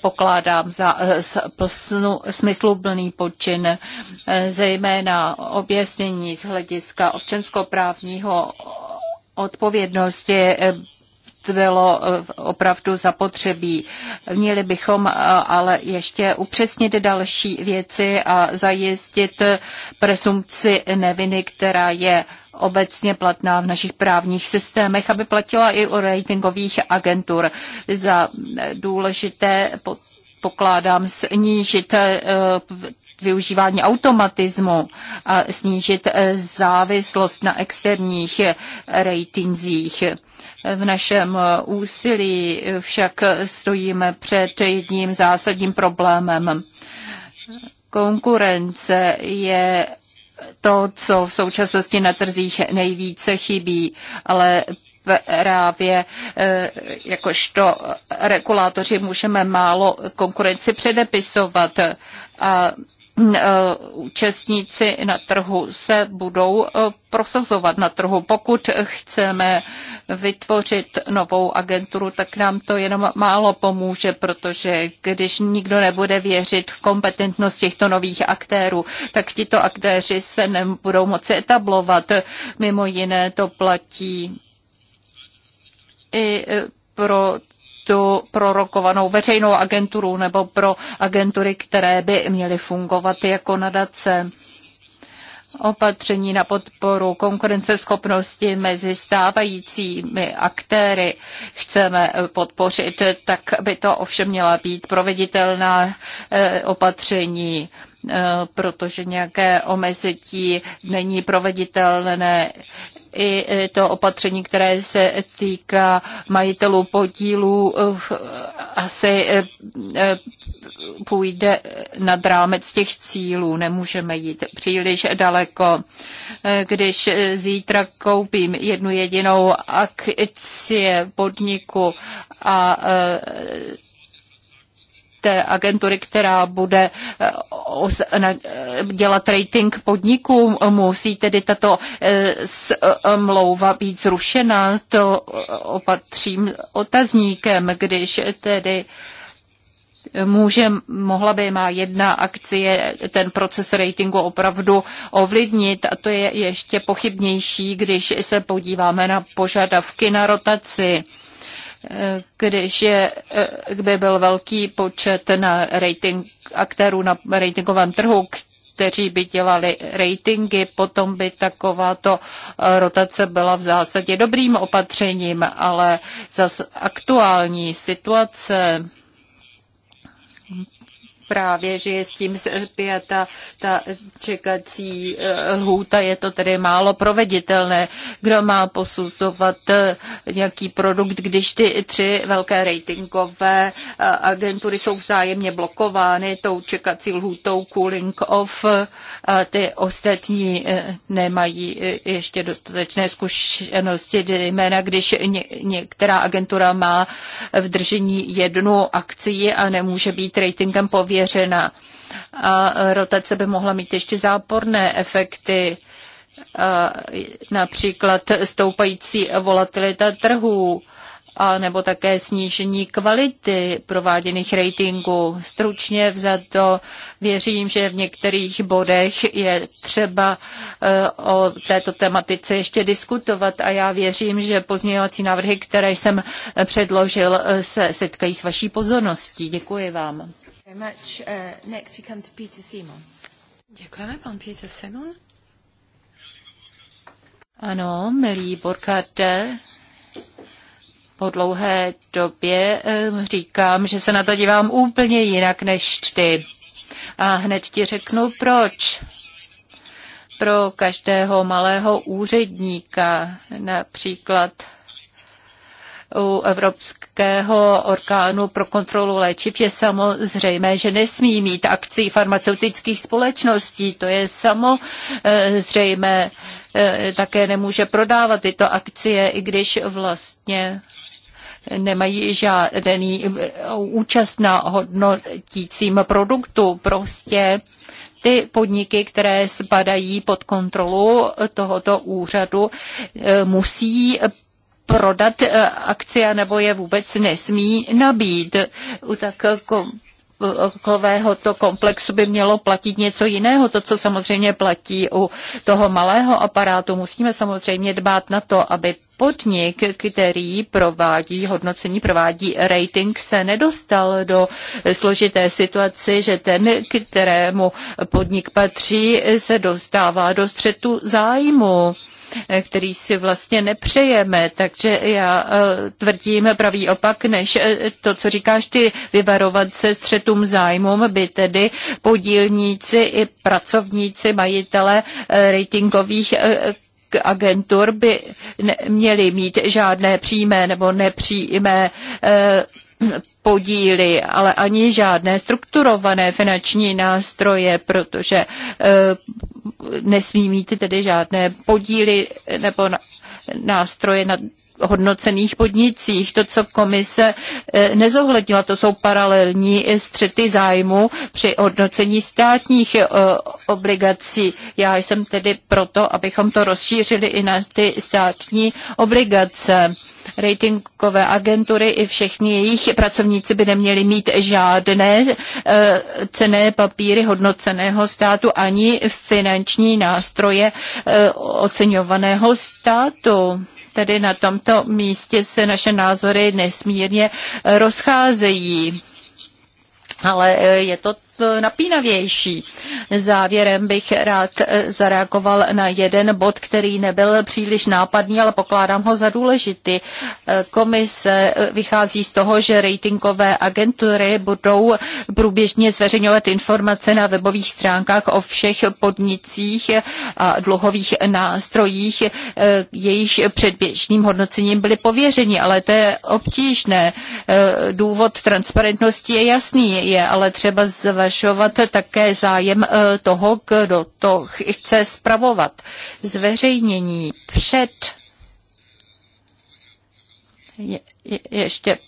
A: pokládám za eh, smysluplný počin, eh, zejména objasnění z hlediska občanskoprávního odpovědnosti eh, bylo eh, opravdu zapotřebí. Měli bychom eh, ale ještě upřesnit další věci a zajistit presumpci neviny, která je obecně platná v našich právních systémech, aby platila i u ratingových agentur. Za eh, důležité pokládám snížit využívání automatismu a snížit závislost na externích ratingzích. V našem úsilí však stojíme před jedním zásadním problémem. Konkurence je to, co v současnosti na trzích nejvíce chybí, ale právě eh, jakožto regulátoři můžeme málo konkurenci předepisovat a Eh, účastníci na trhu se budou eh, prosazovat na trhu. Pokud chceme vytvořit novou agenturu, tak nám to jenom málo pomůže, protože když nikdo nebude věřit v kompetentnost těchto nových aktérů, tak tito aktéři se nebudou moci etablovat. Mimo jiné to platí i eh, pro tu prorokovanou veřejnou agenturu nebo pro agentury, které by měly fungovat jako nadace opatření na podporu konkurenceschopnosti mezi stávajícími aktéry chceme podpořit, tak by to ovšem měla být proveditelná eh, opatření eh, protože nějaké omezití není proveditelné i e, to opatření, které se týká majitelů podílů, asi e, e, půjde nad rámec těch cílů. Nemůžeme jít příliš daleko. Když zítra koupím jednu jedinou akci podniku a té agentury, která bude eh, dělat rating podniků. Musí tedy tato eh, smlouva být zrušena. To eh, opatřím otazníkem, když tedy může, mohla by má jedna akcie ten proces ratingu opravdu ovlivnit a to je ještě pochybnější, když se podíváme na požadavky na rotaci když je, by byl velký počet na rating, aktérů na ratingovém trhu, kteří by dělali ratingy, potom by takováto eh, rotace byla v zásadě dobrým opatřením, ale za aktuální situace právě, že je s tím zpěta ta čekací eh, lhůta, je to tedy málo proveditelné. Kdo má posuzovat eh, nějaký produkt, když ty tři velké ratingové eh, agentury jsou vzájemně blokovány tou čekací lhůtou cooling off, a ty ostatní nemají ještě dostatečné zkušenosti, jména, když ně, některá agentura má v držení jednu akci a nemůže být ratingem pověřena prověřena. A rotace by mohla mít ještě záporné efekty, například stoupající volatilita trhů a nebo také snížení kvality prováděných ratingů. Stručně vzato věřím, že v některých bodech je třeba e, o této tematice ještě diskutovat a já věřím, že pozměňovací návrhy, které jsem předložil, se setkají s vaší pozorností. Děkuji vám. Uh,
C: Děkujeme, pan Peter Simon.
A: Ano, milý Burkharde, po dlouhé době eh, říkám, že se na to dívám úplně jinak než ty. A hned ti řeknu proč. Pro každého malého úředníka, například u Evropského orgánu pro kontrolu léčiv je samozřejmé, že nesmí mít akcí farmaceutických společností. To je samozřejmé. E, také nemůže prodávat tyto akcie, i když vlastně nemají žádný e, účast na hodnotícím produktu. Prostě ty podniky, které spadají pod kontrolu tohoto úřadu, e, musí prodat eh, akcie nebo je vůbec nesmí nabít. U eh, eh, takového to komplexu by mělo platit něco jiného, to, co samozřejmě platí u toho malého aparátu. Musíme samozřejmě dbát na to, aby podnik, který provádí hodnocení, provádí rating, se nedostal do složité situace, že ten, kterému podnik patří, se dostává do střetu zájmu který si vlastně nepřejeme. Takže já eh, tvrdím pravý opak, než eh, to, co říkáš ty, vyvarovat se střetům zájmům by tedy podílníci i pracovníci, majitele eh, ratingových agentur by měli mít žádné přímé nebo nepřímé podíly, ale ani žádné strukturované finanční nástroje, protože eh, nesmí mít tedy žádné podíly nebo nástroje na hodnocených podnicích. To, co komise eh, nezohlednila, to jsou paralelní střety zájmu při hodnocení státních eh, obligací. Já jsem tedy proto, abychom to rozšířili i na ty státní obligace ratingové agentury i všichni jejich pracovníci by neměli mít žádné eh, cené papíry hodnoceného státu ani finanční nástroje eh, oceňovaného státu. Tedy na tomto místě se naše názory nesmírně rozcházejí. Ale eh, je to napínavější. Závěrem bych rád eh, zareagoval na jeden bod, který nebyl příliš nápadný, ale pokládám ho za důležitý. Eh, komise eh, vychází z toho, že ratingové agentury budou průběžně zveřejňovat informace na webových stránkách o všech podnicích a dluhových nástrojích, jejíž předběžným hodnocením byly pověřeni, ale to je obtížné. Důvod transparentnosti je jasný, je ale třeba zveřejňovat zvažovat také zájem eh, toho, kdo to chce spravovat. Zveřejnění před je, je, ještě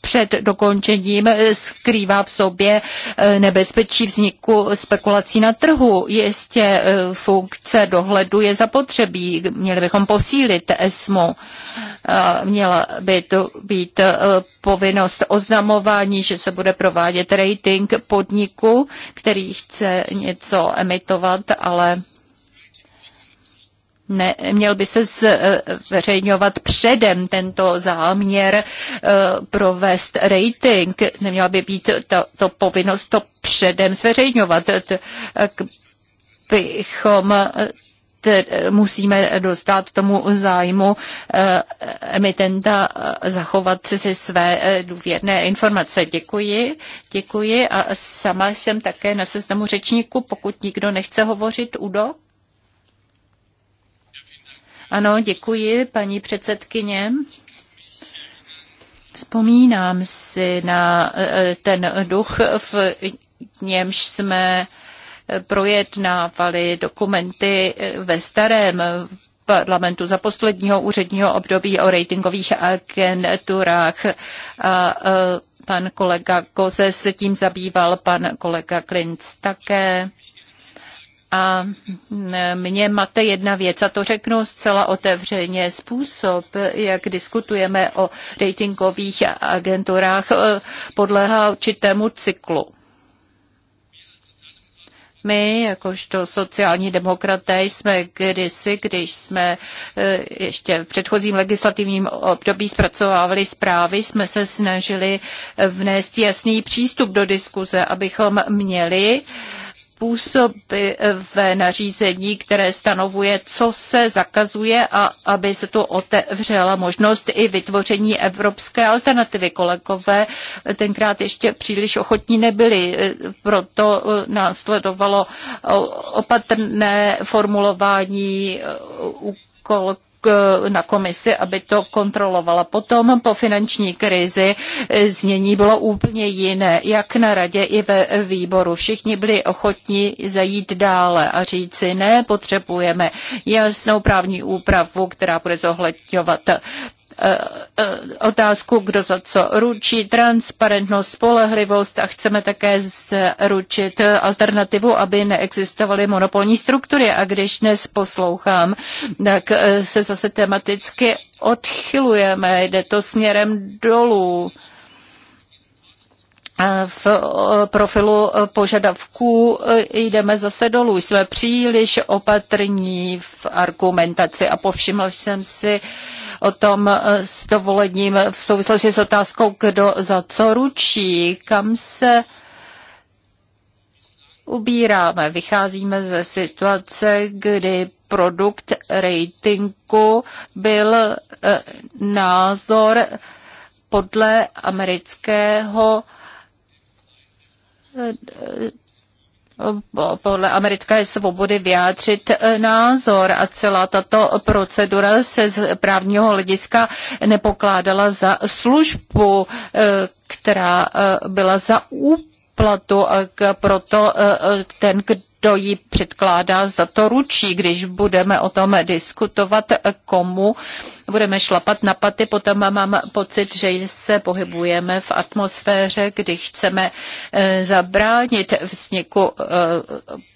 A: před dokončením skrývá v sobě eh, nebezpečí vzniku spekulací na trhu. Jistě eh, funkce dohledu je zapotřebí. Měli bychom posílit ESMO. Měla by to být eh, povinnost oznamování, že se bude provádět rating podniku, který chce něco emitovat, ale ne, měl by se zveřejňovat eh, předem tento záměr eh, provést rating. Neměla by být to, to povinnost to předem zveřejňovat. Tak bychom eh, musíme dostat tomu zájmu emitenta zachovat si své důvěrné informace. Děkuji, děkuji a sama jsem také na seznamu řečníku, pokud nikdo nechce hovořit, Udo. Ano, děkuji, paní předsedkyně. Vzpomínám si na e, e, ten duch, v němž jsme projednávali dokumenty e, ve starém parlamentu za posledního úředního období o ratingových agenturách. A pan kolega Koze se tím zabýval, pan kolega Klinc také. A mě mate jedna věc, a to řeknu zcela otevřeně, způsob, jak diskutujeme o ratingových agenturách, e, podléhá určitému cyklu. My, jakožto sociální demokraté, jsme kdysi, když jsme e, ještě v předchozím legislativním období zpracovávali zprávy, jsme se snažili vnést jasný přístup do diskuze, abychom měli uh, způsoby eh, v nařízení, které stanovuje, co se zakazuje a aby se tu otevřela možnost i vytvoření evropské alternativy. Kolegové tenkrát ještě příliš ochotní nebyli, eh, proto eh, následovalo opatrné formulování úkol na komisi, aby to kontrolovala. Potom po finanční krizi znění bylo úplně jiné, jak na radě i ve výboru. Všichni byli ochotní zajít dále a říci, ne, potřebujeme jasnou právní úpravu, která bude zohledňovat Eh, eh, otázku, kdo za co ručí, transparentnost, spolehlivost a chceme také zručit alternativu, aby neexistovaly monopolní struktury. A když dnes poslouchám, tak eh, se zase tematicky odchylujeme, jde to směrem dolů v profilu požadavků jdeme zase dolů. Jsme příliš opatrní v argumentaci a povšiml jsem si o tom eh, s dovolením v souvislosti s otázkou, kdo za co ručí, kam se ubíráme. Vycházíme ze situace, kdy produkt ratingu byl eh, názor podle amerického eh, podle americké svobody vyjádřit eh, názor a celá tato procedura se z právního hlediska nepokládala za službu, eh, která eh, byla za úplně platu, k proto e, e, ten, kdo ji předkládá, za to ručí. Když budeme o tom diskutovat, komu budeme šlapat na paty, potom mám pocit, že se pohybujeme v atmosféře, kdy chceme e, zabránit vzniku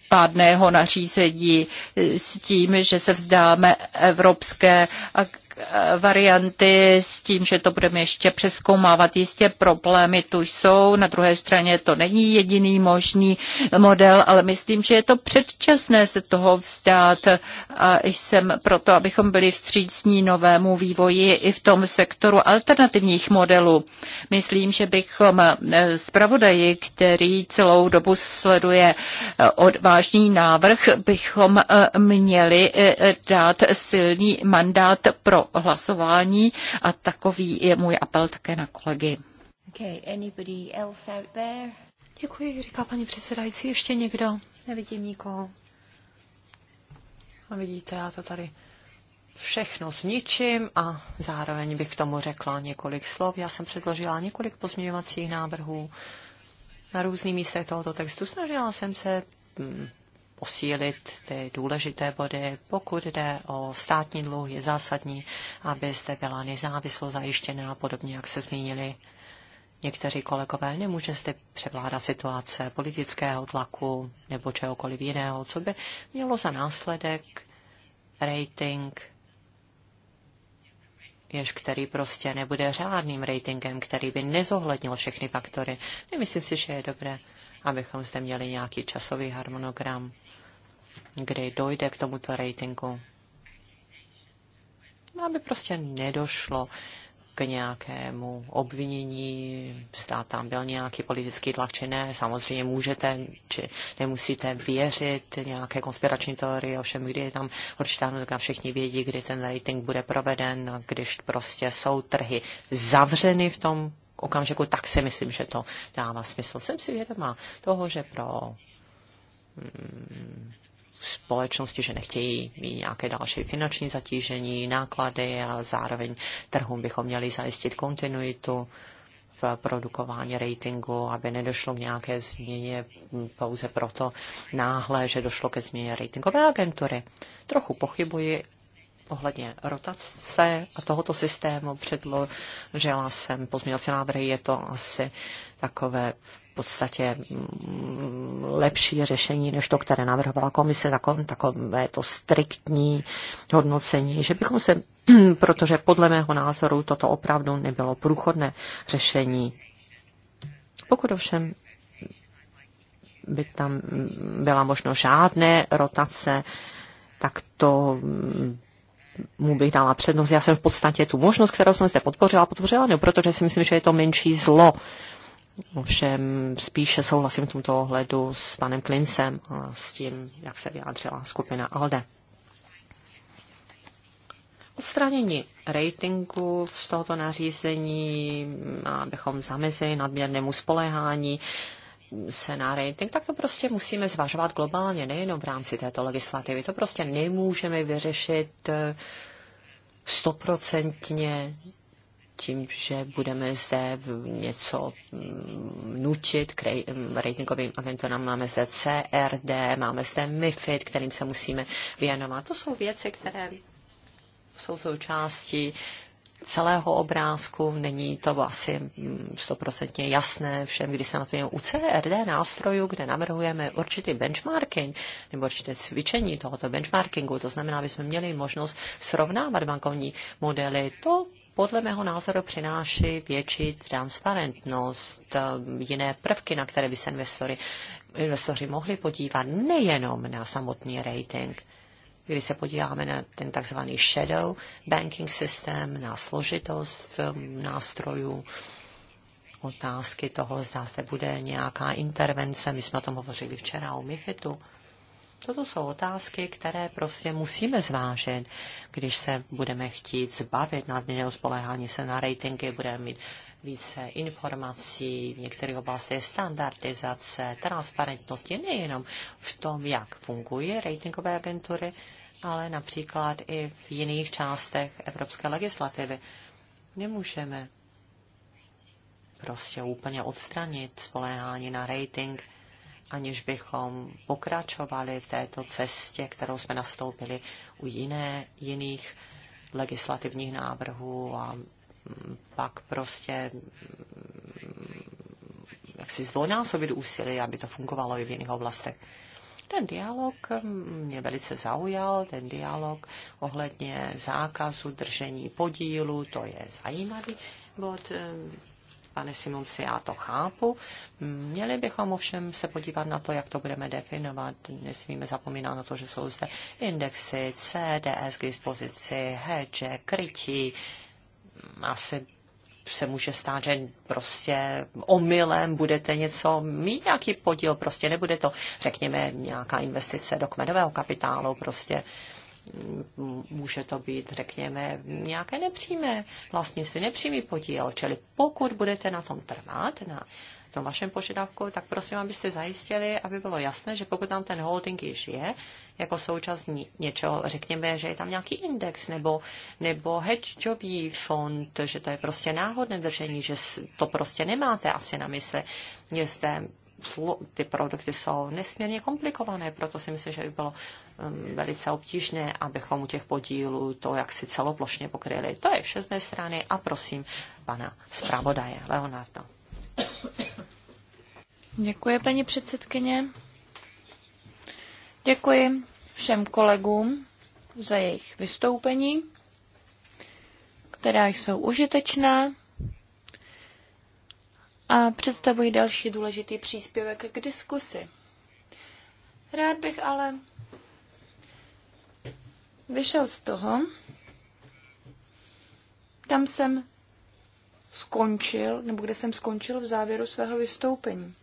A: pádného nařízení s tím, že se vzdáme Evropské Eh, varianty s tím, že to budeme ještě přeskoumávat. Jistě problémy tu jsou, na druhé straně to není jediný možný model, ale myslím, že je to předčasné se toho vzdát a jsem proto, abychom byli vstřícní novému vývoji i v tom sektoru alternativních modelů. Myslím, že bychom eh, zpravodaji, který celou dobu sleduje eh, odvážný návrh, bychom měli dát silný mandát pro hlasování a takový je můj apel také na kolegy. Okay, anybody else out there? Děkuji, říká paní předsedající. Ještě někdo?
B: Nevidím nikoho. A no, vidíte, já to tady všechno zničím a zároveň bych k tomu řekla několik slov. Já jsem předložila několik pozměňovacích návrhů na různých místech tohoto textu. Snažila jsem se mm, posílit ty důležité body. Pokud jde o státní dluh, je zásadní, aby zde byla nezávislo zajištěná, podobně jak se zmínili někteří kolegové. Nemůže zde převládat situace politického tlaku nebo čehokoliv jiného, co by mělo za následek rating jež který prostě nebude řádným ratingem, který by nezohlednil všechny faktory. Nemyslím si, že je dobré, abychom zde měli nějaký časový harmonogram kdy dojde k tomuto ratingu. Aby prostě nedošlo k nějakému obvinění, zda tam byl nějaký politický tlak či ne. Samozřejmě můžete či nemusíte věřit nějaké konspirační teorie, ovšem kdy je tam určitá hnutka, všichni vědí, kdy ten rating bude proveden a když prostě jsou trhy zavřeny v tom okamžiku, tak si myslím, že to dává smysl. Jsem si vědomá toho, že pro mm, společnosti, že nechtějí mít nějaké další finanční zatížení, náklady a zároveň trhům bychom měli zajistit kontinuitu v produkování ratingu, aby nedošlo k nějaké změně pouze proto náhle, že došlo ke změně ratingové agentury. Trochu pochybuji ohledně rotace a tohoto systému předložila jsem pozměňovací návrhy, je to asi takové v podstatě mm, lepší řešení než to, které navrhovala komise, takové, takové to striktní hodnocení, že bychom se, protože podle mého názoru toto opravdu nebylo průchodné řešení. Pokud ovšem by tam byla možno žádné rotace, tak to mm, mu bych dala přednost. Já jsem v podstatě tu možnost, kterou jsem zde podpořila, podpořila, no, protože si myslím, že je to menší zlo Ovšem spíše souhlasím v tomto ohledu s panem Klincem a s tím, jak se vyjádřila skupina ALDE. Odstranění ratingu z tohoto nařízení, abychom zamezili nadměrnému spoléhání se na rating, tak to prostě musíme zvažovat globálně, nejenom v rámci této legislativy. To prostě nemůžeme vyřešit eh, stoprocentně tím, že budeme zde něco mm, nutit k mm, ratingovým agenturám. Máme zde CRD, máme zde MIFID, kterým se musíme věnovat. To jsou věci, které jsou součástí celého obrázku, není to asi mm, stoprocentně jasné všem, když se na to u CRD nástrojů, kde navrhujeme určitý benchmarking nebo určité cvičení tohoto benchmarkingu, to znamená, aby jsme měli možnost srovnávat bankovní modely, to podle mého názoru přináší větší transparentnost, eh, jiné prvky, na které by se investory, investoři mohli podívat, nejenom na samotný rating. Když se podíváme na ten takzvaný shadow banking systém, na složitost eh, nástrojů, otázky toho, zda zde bude nějaká intervence. My jsme o tom hovořili včera u MIFITu. Toto jsou otázky, které prostě musíme zvážit, když se budeme chtít zbavit nadměrného spolehání se na ratingy, budeme mít více informací, v některých oblastech standardizace, transparentnosti, nejenom v tom, jak fungují ratingové agentury, ale například i v jiných částech evropské legislativy. Nemůžeme prostě úplně odstranit spoléhání na rating aniž bychom pokračovali v této cestě, kterou jsme nastoupili u jiné, jiných legislativních návrhů a mm, pak prostě mm, jak si zdvojnásobit úsilí, aby to fungovalo i v jiných oblastech. Ten dialog mm, mě velice zaujal, ten dialog ohledně zákazu držení podílu, to je zajímavý bod pane Simonsi, já to chápu. Měli bychom ovšem se podívat na to, jak to budeme definovat. Nesmíme zapomínat na to, že jsou zde indexy, CDS k dispozici, hedge, krytí. Asi se může stát, že prostě omylem budete něco mít nějaký podíl, prostě nebude to, řekněme, nějaká investice do kmenového kapitálu, prostě může to být, řekněme, nějaké nepřímé vlastnictví, nepřímý podíl. Čili pokud budete na tom trvat, na tom vašem požadavku, tak prosím, abyste zajistili, aby bylo jasné, že pokud tam ten holding již je, jako součást něčeho, řekněme, že je tam nějaký index nebo, nebo hedgeový fond, že to je prostě náhodné držení, že to prostě nemáte asi na mysli, že jste ty produkty jsou nesmírně komplikované, proto si myslím, že by bylo Um, velice obtížné, abychom u těch podílů to jaksi celoplošně pokryli. To je vše z mé strany a prosím pana zpravodaje Leonardo.
C: Děkuji, paní předsedkyně. Děkuji všem kolegům za jejich vystoupení, která jsou užitečná a představují další důležitý příspěvek k diskusi. Rád bych ale vyšel z toho, tam jsem skončil, nebo kde jsem skončil v závěru svého vystoupení.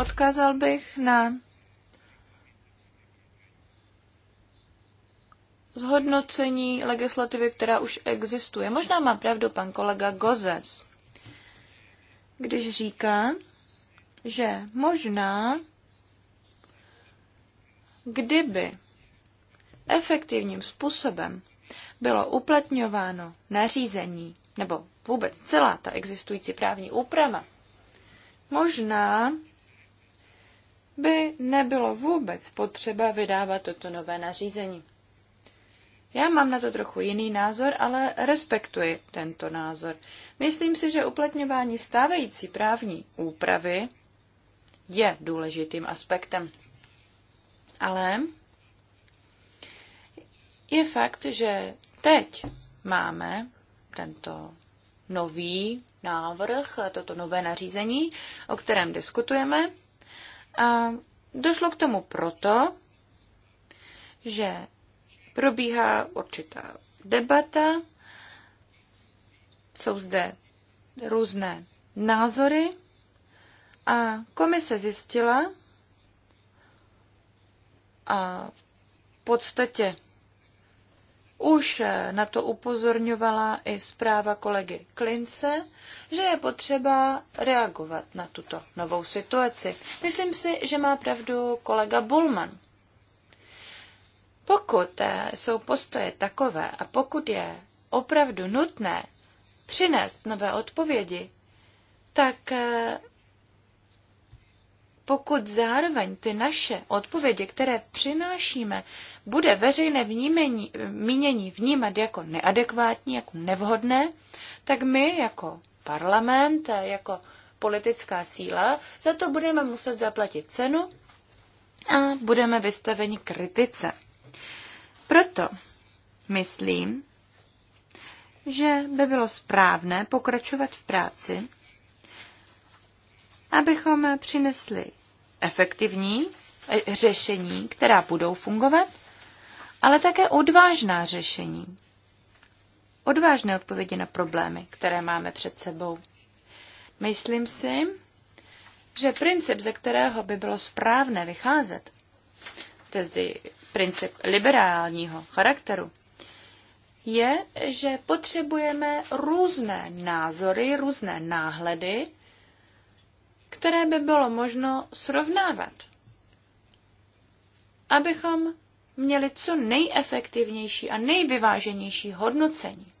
C: Odkázal bych na zhodnocení legislativy, která už existuje. Možná má pravdu pan kolega Gozes, když říká, že možná, kdyby efektivním způsobem bylo uplatňováno nařízení nebo vůbec celá ta existující právní úprava, možná by nebylo vůbec potřeba vydávat toto nové nařízení. Já mám na to trochu jiný názor, ale respektuji tento názor. Myslím si, že uplatňování stávající právní úpravy je důležitým aspektem. Ale je fakt, že teď máme tento nový návrh, toto nové nařízení, o kterém diskutujeme. A došlo k tomu proto, že probíhá určitá debata, jsou zde různé názory a komise zjistila a v podstatě už na to upozorňovala i zpráva kolegy Klince, že je potřeba reagovat na tuto novou situaci. Myslím si, že má pravdu kolega Bulman. Pokud eh, jsou postoje takové a pokud je opravdu nutné přinést nové odpovědi, tak eh, pokud zároveň ty naše odpovědi, které přinášíme, bude veřejné vnímení, mínění vnímat jako neadekvátní, jako nevhodné, tak my jako parlament, jako politická síla za to budeme muset zaplatit cenu a budeme vystaveni kritice. Proto myslím, že by bylo správné pokračovat v práci, abychom přinesli efektivní řešení, která budou fungovat, ale také odvážná řešení. Odvážné odpovědi na problémy, které máme před sebou. Myslím si, že princip, ze kterého by bylo správné vycházet, to je princip liberálního charakteru, je, že potřebujeme různé názory, různé náhledy které by bylo možno srovnávat, abychom měli co nejefektivnější a nejvyváženější hodnocení.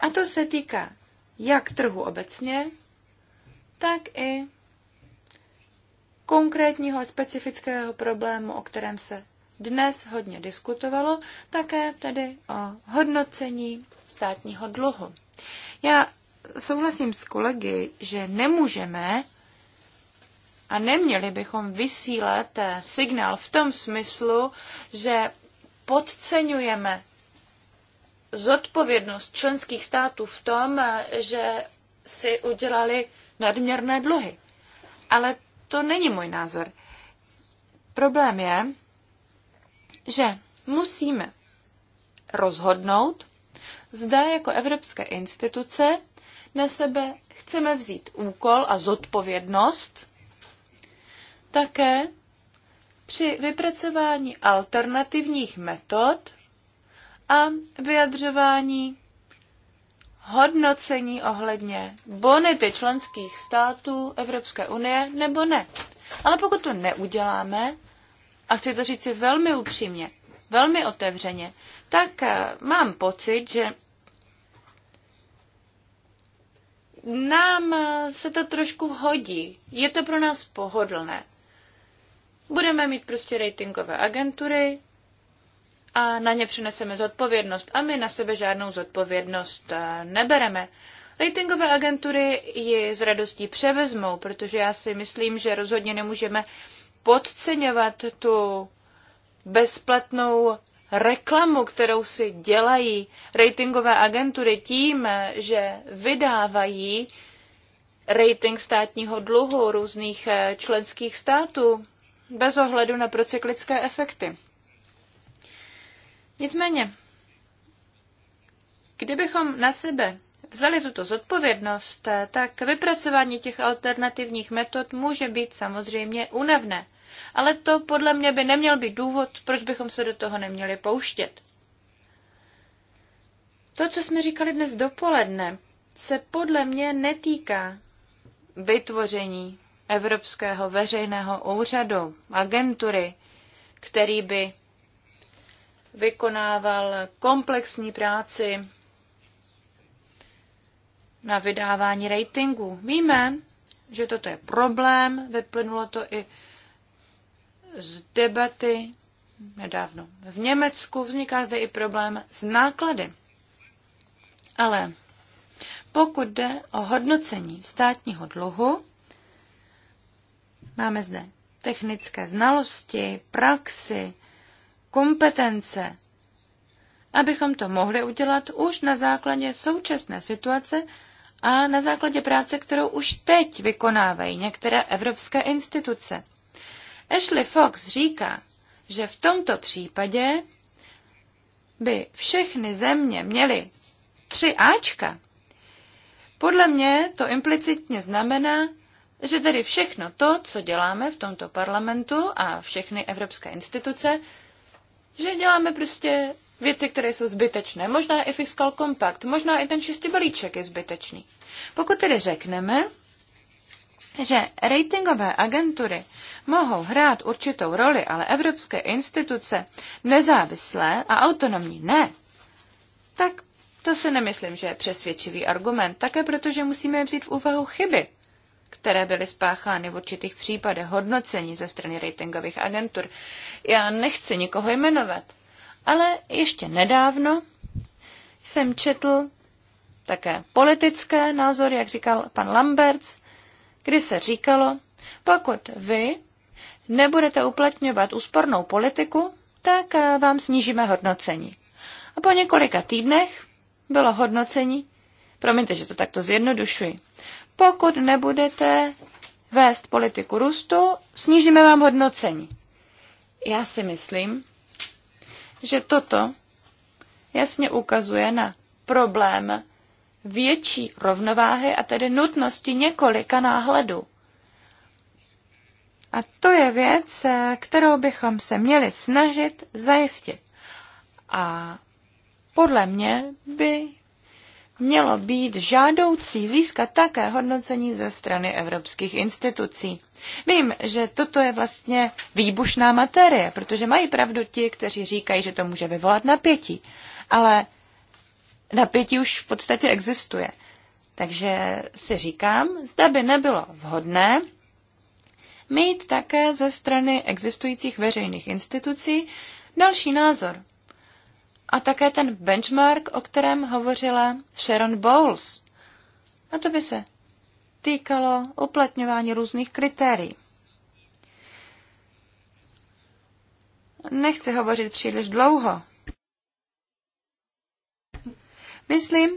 C: A to se týká jak trhu obecně, tak i konkrétního specifického problému, o kterém se dnes hodně diskutovalo, také tedy o hodnocení státního dluhu. Já souhlasím s kolegy, že nemůžeme a neměli bychom vysílat eh, signál v tom smyslu, že podceňujeme zodpovědnost členských států v tom, eh, že si udělali nadměrné dluhy. Ale to není můj názor. Problém je, že musíme rozhodnout, zda jako evropské instituce na sebe chceme vzít úkol a zodpovědnost také při vypracování alternativních metod a vyjadřování hodnocení ohledně bonity členských států Evropské unie nebo ne. Ale pokud to neuděláme, a chci to říct si velmi upřímně, velmi otevřeně, tak eh, mám pocit, že nám eh, se to trošku hodí. Je to pro nás pohodlné. Budeme mít prostě ratingové agentury a na ně přineseme zodpovědnost a my na sebe žádnou zodpovědnost eh, nebereme. Ratingové agentury ji s radostí převezmou, protože já si myslím, že rozhodně nemůžeme podceňovat tu bezplatnou reklamu, kterou si dělají ratingové agentury tím, že vydávají rating státního dluhu různých eh, členských států bez ohledu na procyklické efekty. Nicméně, kdybychom na sebe vzali tuto zodpovědnost, eh, tak vypracování těch alternativních metod může být samozřejmě únavné. Ale to podle mě by neměl být důvod, proč bychom se do toho neměli pouštět. To, co jsme říkali dnes dopoledne, se podle mě netýká vytvoření Evropského veřejného úřadu, agentury, který by vykonával komplexní práci na vydávání ratingu. Víme, že toto je problém, vyplynulo to i z debaty nedávno v Německu, vzniká zde i problém s náklady. Ale pokud jde o hodnocení státního dluhu, máme zde technické znalosti, praxi, kompetence, abychom to mohli udělat už na základě současné situace a na základě práce, kterou už teď vykonávají některé evropské instituce. Ashley Fox říká, že v tomto případě by všechny země měly tři Ačka. Podle mě to implicitně znamená, že tedy všechno to, co děláme v tomto parlamentu a všechny evropské instituce, že děláme prostě věci, které jsou zbytečné. Možná i fiskal kompakt, možná i ten čistý balíček je zbytečný. Pokud tedy řekneme, že ratingové agentury mohou hrát určitou roli, ale evropské instituce nezávislé a autonomní ne, tak to si nemyslím, že je přesvědčivý argument, také protože musíme vzít v úvahu chyby, které byly spáchány v určitých případech hodnocení ze strany ratingových agentur. Já nechci nikoho jmenovat, ale ještě nedávno jsem četl také politické názory, jak říkal pan Lamberts, kdy se říkalo, pokud vy nebudete uplatňovat úspornou politiku, tak eh, vám snížíme hodnocení. A po několika týdnech bylo hodnocení, promiňte, že to takto zjednodušuji, pokud nebudete vést politiku růstu, snížíme vám hodnocení. Já si myslím, že toto jasně ukazuje na problém větší rovnováhy a tedy nutnosti několika náhledů. A to je věc, kterou bychom se měli snažit zajistit. A podle mě by mělo být žádoucí získat také hodnocení ze strany evropských institucí. Vím, že toto je vlastně výbušná materie, protože mají pravdu ti, kteří říkají, že to může vyvolat napětí. Ale napětí už v podstatě existuje. Takže si říkám, zda by nebylo vhodné mít také ze strany existujících veřejných institucí další názor. A také ten benchmark, o kterém hovořila Sharon Bowles. A to by se týkalo uplatňování různých kritérií. Nechci hovořit příliš dlouho, Myslím,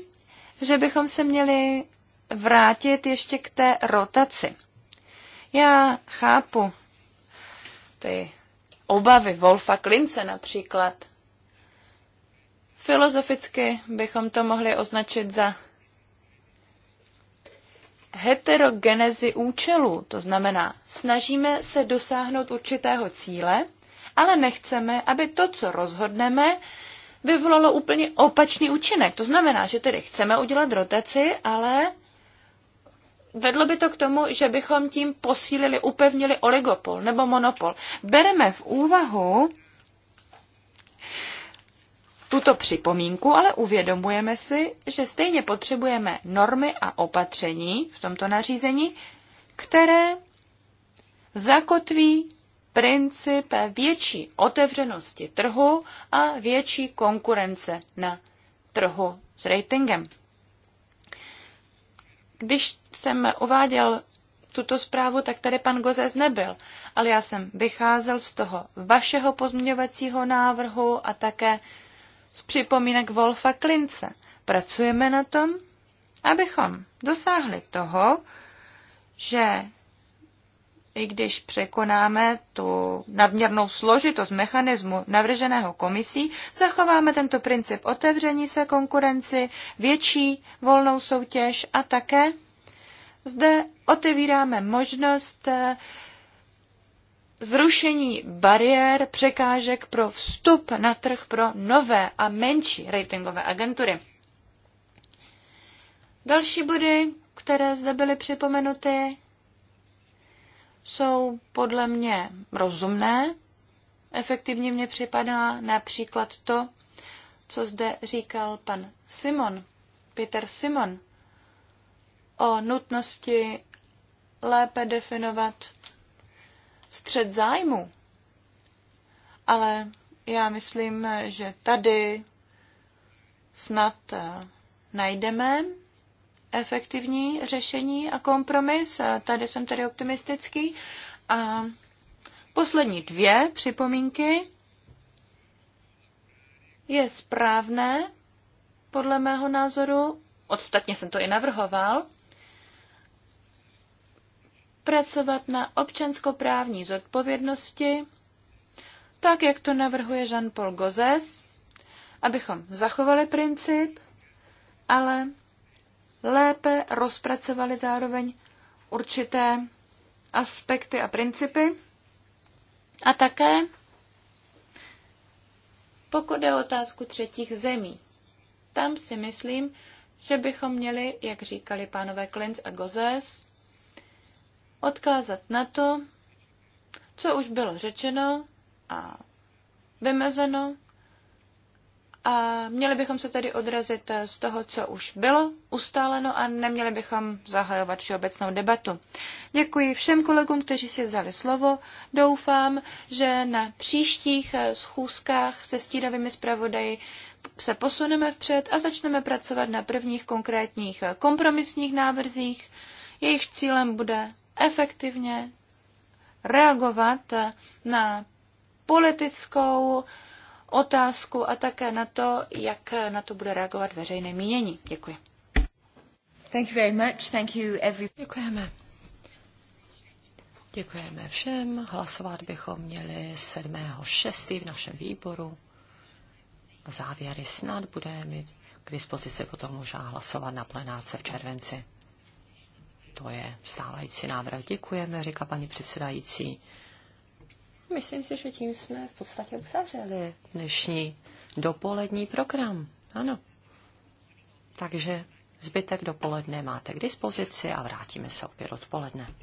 C: že bychom se měli vrátit ještě k té rotaci. Já chápu ty obavy Wolfa Klince například. Filozoficky bychom to mohli označit za heterogenezi účelů, to znamená, snažíme se dosáhnout určitého cíle, ale nechceme, aby to, co rozhodneme, vyvolalo úplně opačný účinek. To znamená, že tedy chceme udělat rotaci, ale vedlo by to k tomu, že bychom tím posílili, upevnili oligopol nebo monopol. Bereme v úvahu tuto připomínku, ale uvědomujeme si, že stejně potřebujeme normy a opatření v tomto nařízení, které zakotví princip větší otevřenosti trhu a větší konkurence na trhu s ratingem. Když jsem uváděl tuto zprávu, tak tady pan Gozes nebyl, ale já jsem vycházel z toho vašeho pozměňovacího návrhu a také z připomínek Wolfa Klince. Pracujeme na tom, abychom dosáhli toho, že i když překonáme tu nadměrnou složitost mechanismu navrženého komisí, zachováme tento princip otevření se konkurenci, větší volnou soutěž a také zde otevíráme možnost eh, zrušení bariér, překážek pro vstup na trh pro nové a menší ratingové agentury. Další body, které zde byly připomenuty, jsou podle mě rozumné. Efektivně mě připadá například to, co zde říkal pan Simon, Peter Simon, o nutnosti lépe definovat střed zájmu. Ale já myslím, že tady snad eh, najdeme efektivní řešení a kompromis. Tady jsem tedy optimistický. A poslední dvě připomínky. Je správné, podle mého názoru, ostatně jsem to i navrhoval, pracovat na občanskoprávní zodpovědnosti, tak jak to navrhuje Jean-Paul Gozes, abychom zachovali princip, ale lépe rozpracovali zároveň určité aspekty a principy. A také, pokud je otázku třetích zemí, tam si myslím, že bychom měli, jak říkali pánové Klinc a Gozes, odkázat na to, co už bylo řečeno a vymezeno a měli bychom se tedy odrazit eh, z toho, co už bylo ustáleno a neměli bychom zahajovat všeobecnou debatu. Děkuji všem kolegům, kteří si vzali slovo. Doufám, že na příštích eh, schůzkách se stíravými zpravodaji se posuneme vpřed a začneme pracovat na prvních konkrétních eh, kompromisních návrzích. Jejich cílem bude efektivně reagovat na politickou otázku a také na to, jak na to bude reagovat veřejné mínění. Děkuji.
A: Thank you very much. Thank you every... Děkujeme. Děkujeme všem. Hlasovat
B: bychom měli 7.6. v našem výboru. Závěry snad budeme mít k dispozici potom možná hlasovat na plenáce v červenci. To je stávající návrh. Děkujeme, říká paní předsedající. Myslím si, že tím jsme v podstatě uzavřeli dnešní dopolední program. Ano. Takže zbytek dopoledne máte k dispozici a vrátíme se opět odpoledne.